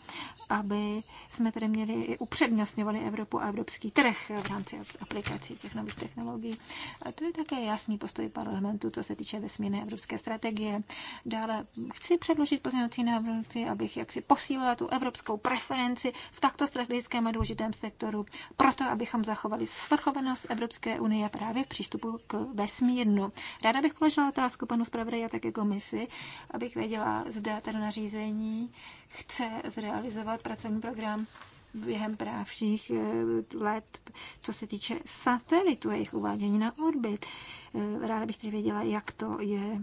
aby jsme tedy měli i upřednostňovali Evropu a evropský trh v rámci aplikací těch nových technologií. A to je také jasný postoj parlamentu, co se týče vesmírné evropské strategie. Dále chci předložit pozměňovací návrhy, abych jaksi posílila tu evropskou preferenci konferenci v takto strategickém a důležitém sektoru, proto abychom zachovali svrchovanost Evropské unie právě v přístupu k vesmírnu. Ráda bych položila otázku panu zpravodaji a také komisi, abych věděla, zda tady nařízení chce zrealizovat pracovní program během právších eh, let, co se týče satelitu a jejich uvádění na orbit. Eh, ráda bych tedy věděla, jak to je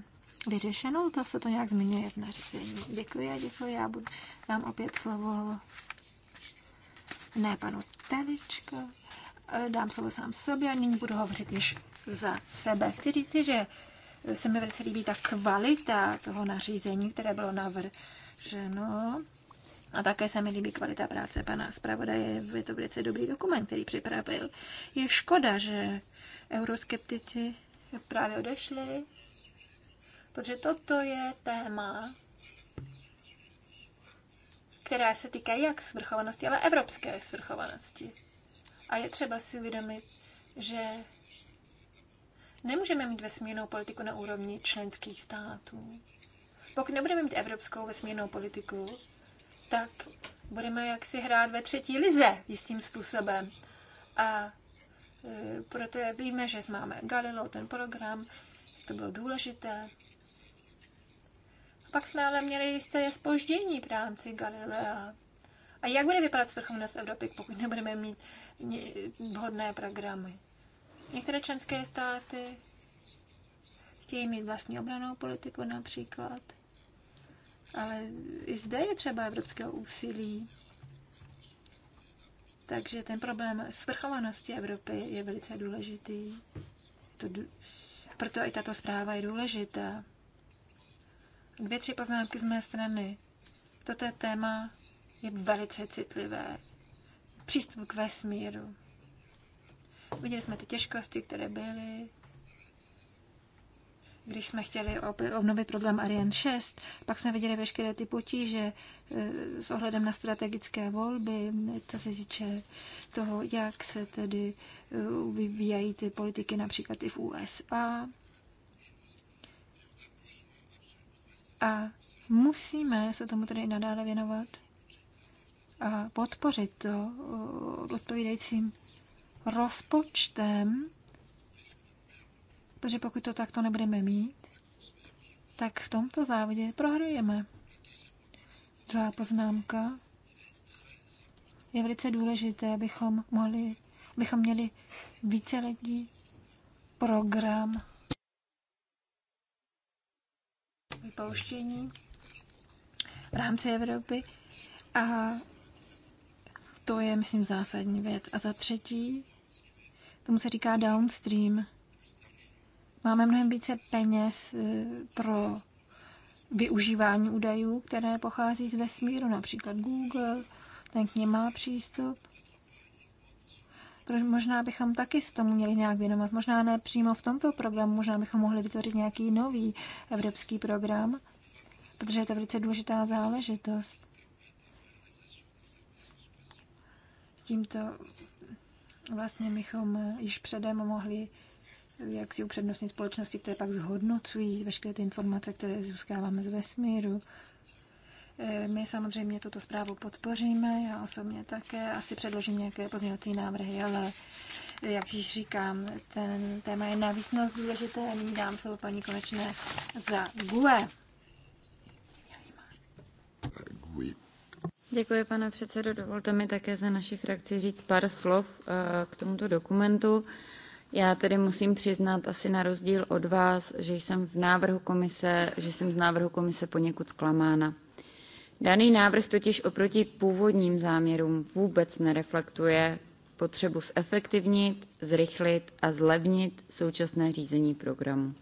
vyřešeno, to se to nějak zmiňuje v nařízení. Děkuji a děkuji, já budu, dám opět slovo ne panu Telička, e, dám slovo sám sobě a nyní budu hovořit již za sebe. Chci říct, že se mi velice líbí ta kvalita toho nařízení, které bylo navrženo. A také se mi líbí kvalita práce pana zpravodaje. Je to velice dobrý dokument, který připravil. Je škoda, že euroskeptici právě odešli, Protože toto je téma, která se týká jak svrchovanosti, ale evropské svrchovanosti. A je třeba si uvědomit, že nemůžeme mít vesmírnou politiku na úrovni členských států. Pokud nebudeme mít evropskou vesmírnou politiku, tak budeme jaksi hrát ve třetí lize jistým způsobem. A e, proto je, víme, že máme Galileo, ten program, to bylo důležité. Pak jsme ale měli jisté spoždění v rámci Galilea. A jak bude vypadat svrchovanost Evropy, pokud nebudeme mít vhodné programy? Některé členské státy chtějí mít vlastní obranou politiku například. Ale i zde je třeba evropského úsilí. Takže ten problém svrchovanosti Evropy je velice důležitý. To, proto i tato zpráva je důležitá. Dvě, tři poznámky z mé strany. Toto téma je velice citlivé. Přístup k vesmíru. Viděli jsme ty těžkosti, které byly, když jsme chtěli obnovit problém Ariane 6, pak jsme viděli veškeré ty potíže e, s ohledem na strategické volby, co se týče toho, jak se tedy vyvíjají e, ty politiky například i v USA. A musíme se tomu tedy nadále věnovat a podpořit to uh, odpovídajícím rozpočtem, protože pokud to takto nebudeme mít, tak v tomto závodě prohrajeme. Druhá poznámka. Je velice důležité, abychom mohli, abychom měli více lidí program vypouštění v rámci Evropy. A to je, myslím, zásadní věc. A za třetí, tomu se říká downstream. Máme mnohem více peněz eh, pro využívání údajů, které pochází z vesmíru, například Google, ten k ním má přístup. Proč možná bychom taky s tomu měli nějak věnovat, možná ne přímo v tomto programu, možná bychom mohli vytvořit nějaký nový evropský program, protože je to velice důležitá záležitost. Tímto vlastně bychom již předem mohli jak si upřednostnit společnosti, které pak zhodnocují veškeré ty informace, které získáváme z vesmíru. My samozřejmě tuto zprávu podpoříme, já osobně také, asi předložím nějaké pozměňovací návrhy, ale jak již říkám, ten téma je návisnost důležité a nyní dám slovo paní Konečné za GUE. Děkuji, pane předsedo. Dovolte mi také za naši frakci říct pár slov eh, k tomuto dokumentu. Já tedy musím přiznat asi na rozdíl od vás, že jsem v návrhu komise, že jsem z návrhu komise poněkud zklamána. Daný návrh totiž oproti původním záměrům vůbec nereflektuje potřebu zefektivnit, zrychlit a zlevnit současné řízení programu.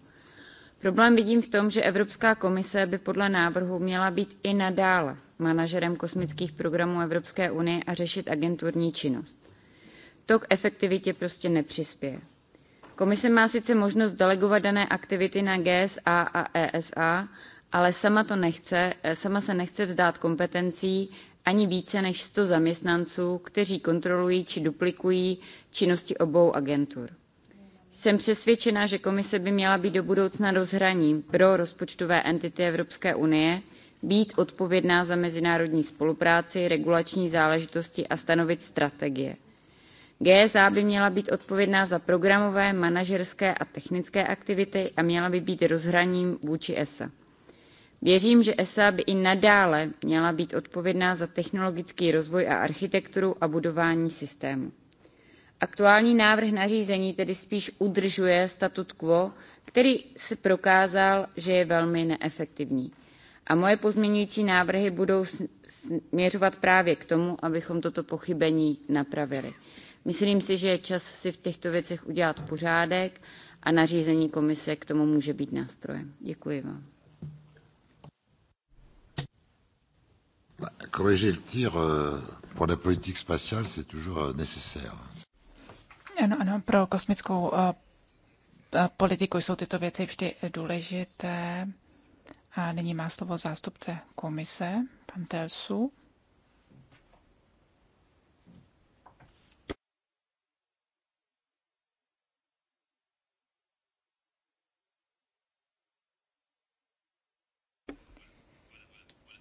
Problém vidím v tom, že Evropská komise by podle návrhu měla být i nadále manažerem kosmických programů Evropské unie a řešit agenturní činnost. To k efektivitě prostě nepřispěje. Komise má sice možnost delegovat dané aktivity na GSA a ESA, e ale sama, to nechce, eh, sama se nechce vzdát kompetencí ani více než 100 zaměstnanců, kteří kontrolují či duplikují činnosti obou agentur. Jsem přesvědčena, že komise by měla být do budoucna rozhraním pro rozpočtové entity Evropské unie, být odpovědná za mezinárodní spolupráci, regulační záležitosti a stanovit strategie. GSA by měla být odpovědná za programové, manažerské a technické aktivity a měla by být rozhraním vůči ESA. Věřím, že ESA by i nadále měla být odpovědná za technologický rozvoj a architekturu a budování systému. Aktuální návrh nařízení tedy spíš udržuje statut quo, který se prokázal, že je velmi neefektivní. A moje pozměňující návrhy budou směřovat právě k tomu, abychom toto pochybení napravili. Myslím si, že je čas si v těchto věcech udělat pořádek a nařízení komise k tomu může být nástrojem. Děkuji vám. Corriger le tir euh, pour la politique spatiale, c'est toujours euh, nécessaire. Ano, ano, pro kosmickou eh, eh, politiku jsou tyto věci vždy důležité. A nyní má slovo zástupce komise, pan Telsu.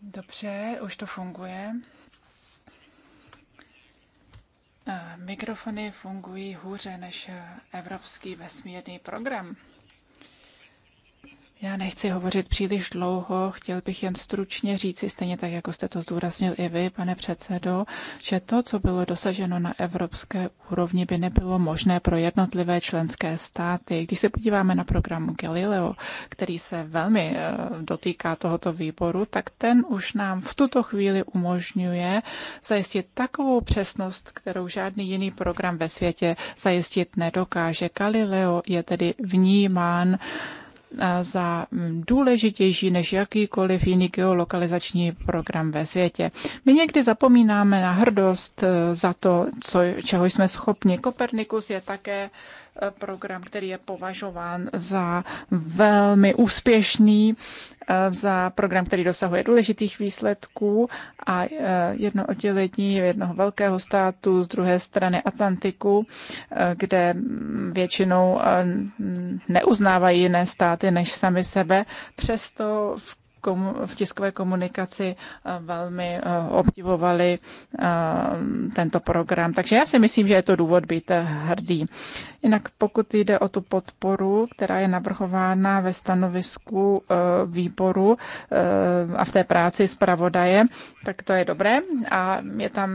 Dobře, už to funguje. Eh, mikrofony fungují hůře než eh, Evropský vesmírný program. Já nechci hovořit příliš dlouho, chtěl bych jen stručně říci, stejně tak, jako jste to zdůraznil i vy, pane předsedo, že to, co bylo dosaženo na evropské úrovni, by nebylo možné pro jednotlivé členské státy. Když se podíváme na program Galileo, který se velmi eh, dotýká tohoto výboru, tak ten už nám v tuto chvíli umožňuje zajistit takovou přesnost, kterou žádný jiný program ve světě zajistit nedokáže. Galileo je tedy vnímán za mm, důležitější než jakýkoliv jiný geolokalizační program ve světě. My někdy zapomínáme na hrdost e, za to, co, čeho jsme schopni. Kopernikus je také e, program, který je považován za velmi úspěšný Eh, za program, který dosahuje důležitých výsledků a eh, jedno oddělení jednoho velkého státu z druhé strany Atlantiku, eh, kde většinou neuznávají jiné státy než sami sebe. Přesto v v tiskové komunikaci eh, velmi eh, obdivovali eh, tento program. Takže já si myslím, že je to důvod být hrdý. Jinak pokud jde o tu podporu, která je navrhována ve stanovisku výboru a v té práci zpravodaje, tak to je dobré a je tam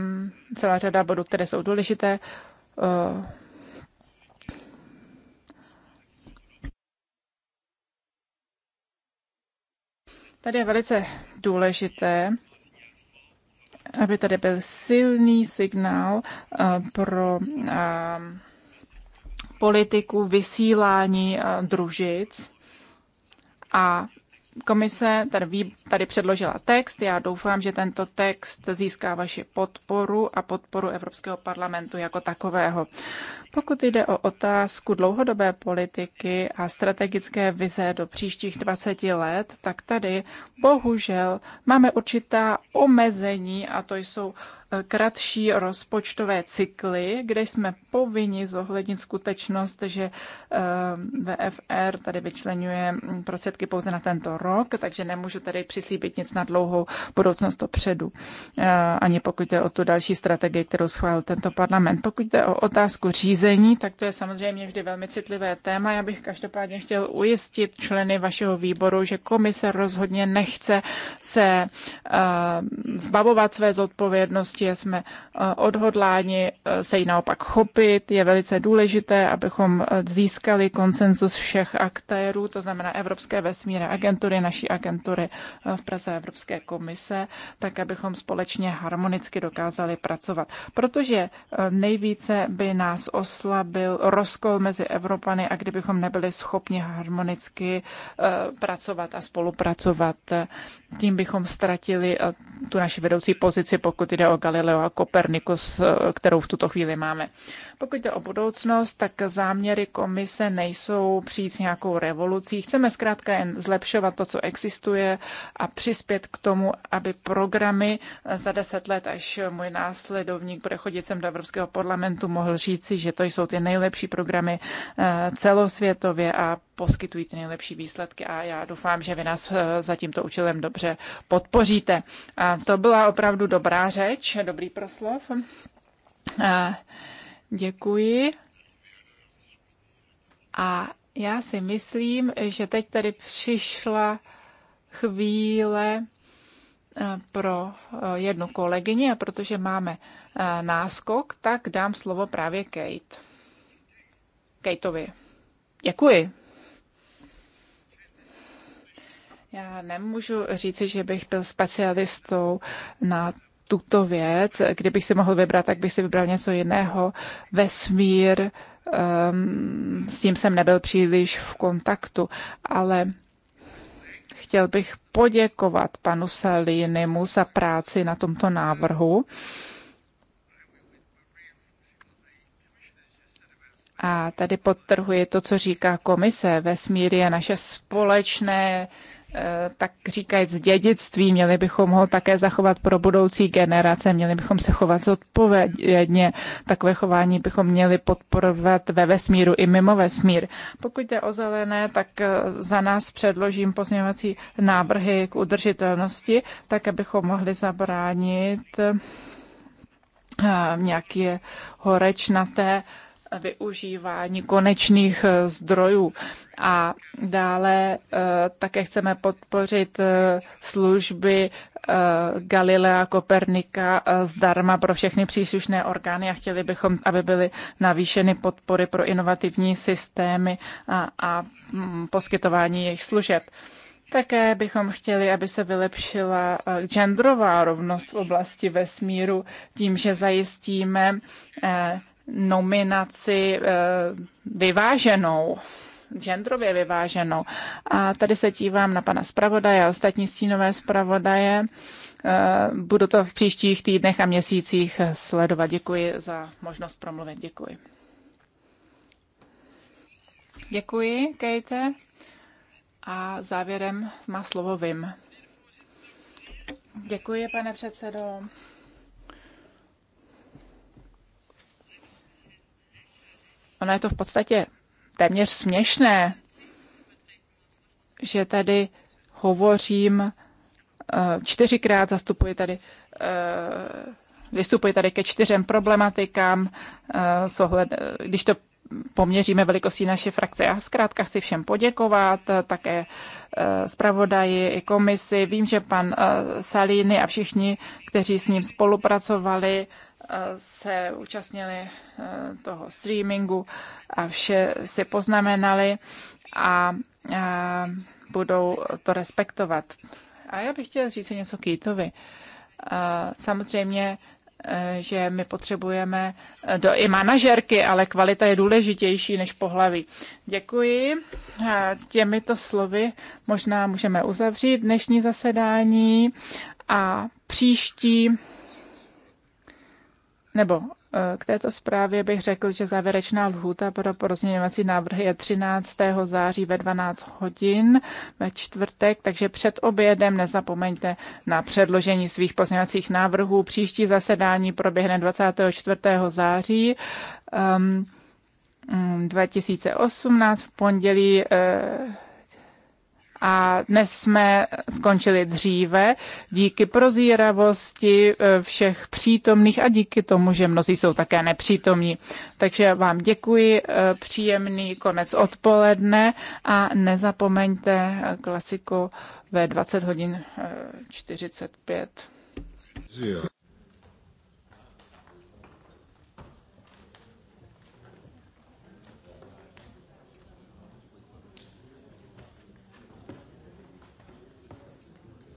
celá řada bodů, které jsou důležité Tady je velice důležité, aby tady byl silný signál eh, pro eh, politiku vysílání eh, družic a komise tady, tady předložila text. Já doufám, že tento text získá vaši podporu a podporu Evropského parlamentu jako takového. Pokud jde o otázku dlouhodobé politiky a strategické vize do příštích 20 let, tak tady bohužel máme určitá omezení a to jsou kratší rozpočtové cykly, kde jsme povinni zohlednit skutečnost, že eh, VFR tady vyčlenuje prostředky pouze na tento rok, takže nemůžu tady přislíbit nic na dlouhou budoucnost dopředu, eh, ani pokud jde o tu další strategii, kterou schválil tento parlament. Pokud jde o otázku řízení, tak to je samozřejmě vždy velmi citlivé téma. Já bych každopádně chtěl ujistit členy vašeho výboru, že komise rozhodně nechce se eh, zbavovat své zodpovědnosti že jsme eh, odhodláni eh, se jí naopak chopit. Je velice důležité, abychom eh, získali konsenzus všech aktérů, to znamená Evropské vesmírné agentury, naší agentury v Praze Evropské komise, tak abychom společně harmonicky dokázali pracovat. Protože nejvíce by nás oslabil rozkol mezi Evropany a kdybychom nebyli schopni harmonicky pracovat a spolupracovat, tím bychom ztratili tu naši vedoucí pozici, pokud jde o Galileo Galileo a Kopernikus, eh, kterou v tuto chvíli máme. Pokud jde o budoucnost, tak záměry komise nejsou přijít s nějakou revolucí. Chceme zkrátka jen zlepšovat to, co existuje a přispět k tomu, aby programy za deset let, až můj následovník bude chodit sem do Evropského parlamentu, mohl říci, že to jsou ty nejlepší programy eh, celosvětově a poskytují ty nejlepší výsledky a já doufám, že vy nás eh, za tímto účelem dobře podpoříte. A to byla opravdu dobrá řeč, dobrý proslov. A eh, děkuji. A já si myslím, že teď tady přišla chvíle eh, pro jednu kolegyně, a protože máme náskok, tak dám slovo právě Kate. Kateovi. Děkuji. Já nemůžu říci, že bych byl specialistou na tuto věc. Kdybych si mohl vybrat, tak bych si vybral něco jiného. Vesmír, um, s tím jsem nebyl příliš v kontaktu, ale chtěl bych poděkovat panu Salinimu za práci na tomto návrhu. A tady podtrhuji to, co říká komise. Vesmír je naše společné Eh, tak z dědictví, měli bychom ho také zachovat pro budoucí generace, měli bychom se chovat zodpovědně, takové chování bychom měli podporovat ve vesmíru i mimo vesmír. Pokud jde o zelené, tak eh, za nás předložím pozměňovací návrhy k udržitelnosti, tak abychom mohli zabránit eh, nějaké horečnaté využívání konečných eh, zdrojů. A dále eh, také chceme podpořit eh, služby Galilea Kopernika zdarma pro všechny příslušné orgány a chtěli bychom, aby byly navýšeny podpory pro inovativní systémy a, a mm, poskytování jejich služeb. Také bychom chtěli, aby se vylepšila genderová rovnost v oblasti vesmíru tím, že zajistíme nominaci eh, vyváženou genderově vyváženou. A tady se dívám na pana zpravodaje a ostatní stínové zpravodaje. Eh, budu to v příštích týdnech a měsících sledovat. Děkuji za možnost promluvit. Děkuji. Děkuji, Kejte. A závěrem má slovo Vim. Děkuji, pane předsedo. Ono je to v podstatě téměř směšné, že tady hovořím eh, čtyřikrát, zastupuji tady eh, vystupuji tady ke čtyřem problematikám, eh, když to poměříme velikostí naše frakce. Já zkrátka chci všem poděkovat, také zpravodaji i komisi. Vím, že pan Salini a všichni, kteří s ním spolupracovali, se účastnili eh, toho streamingu a vše si poznamenali a eh, budou to respektovat. A já bych chtěla říct něco Kýtovi. Eh, samozřejmě, že my potřebujeme do i manažerky, ale kvalita je důležitější než pohlaví. Děkuji. Těmito slovy možná můžeme uzavřít dnešní zasedání a příští nebo eh, k této zprávě bych řekl, že závěrečná lhůta pro porozměňovací návrhy je 13. září ve 12 hodin ve čtvrtek, takže před obědem nezapomeňte na předložení svých pozměňovacích návrhů. Příští zasedání proběhne 24. září. Um, ehm, 2018 mm, v pondělí eh, a dnes jsme skončili dříve díky prozíravosti eh, všech přítomných a díky tomu, že mnozí jsou také nepřítomní. Takže vám děkuji, eh, příjemný konec odpoledne a nezapomeňte eh, klasiku ve 20 hodin 45.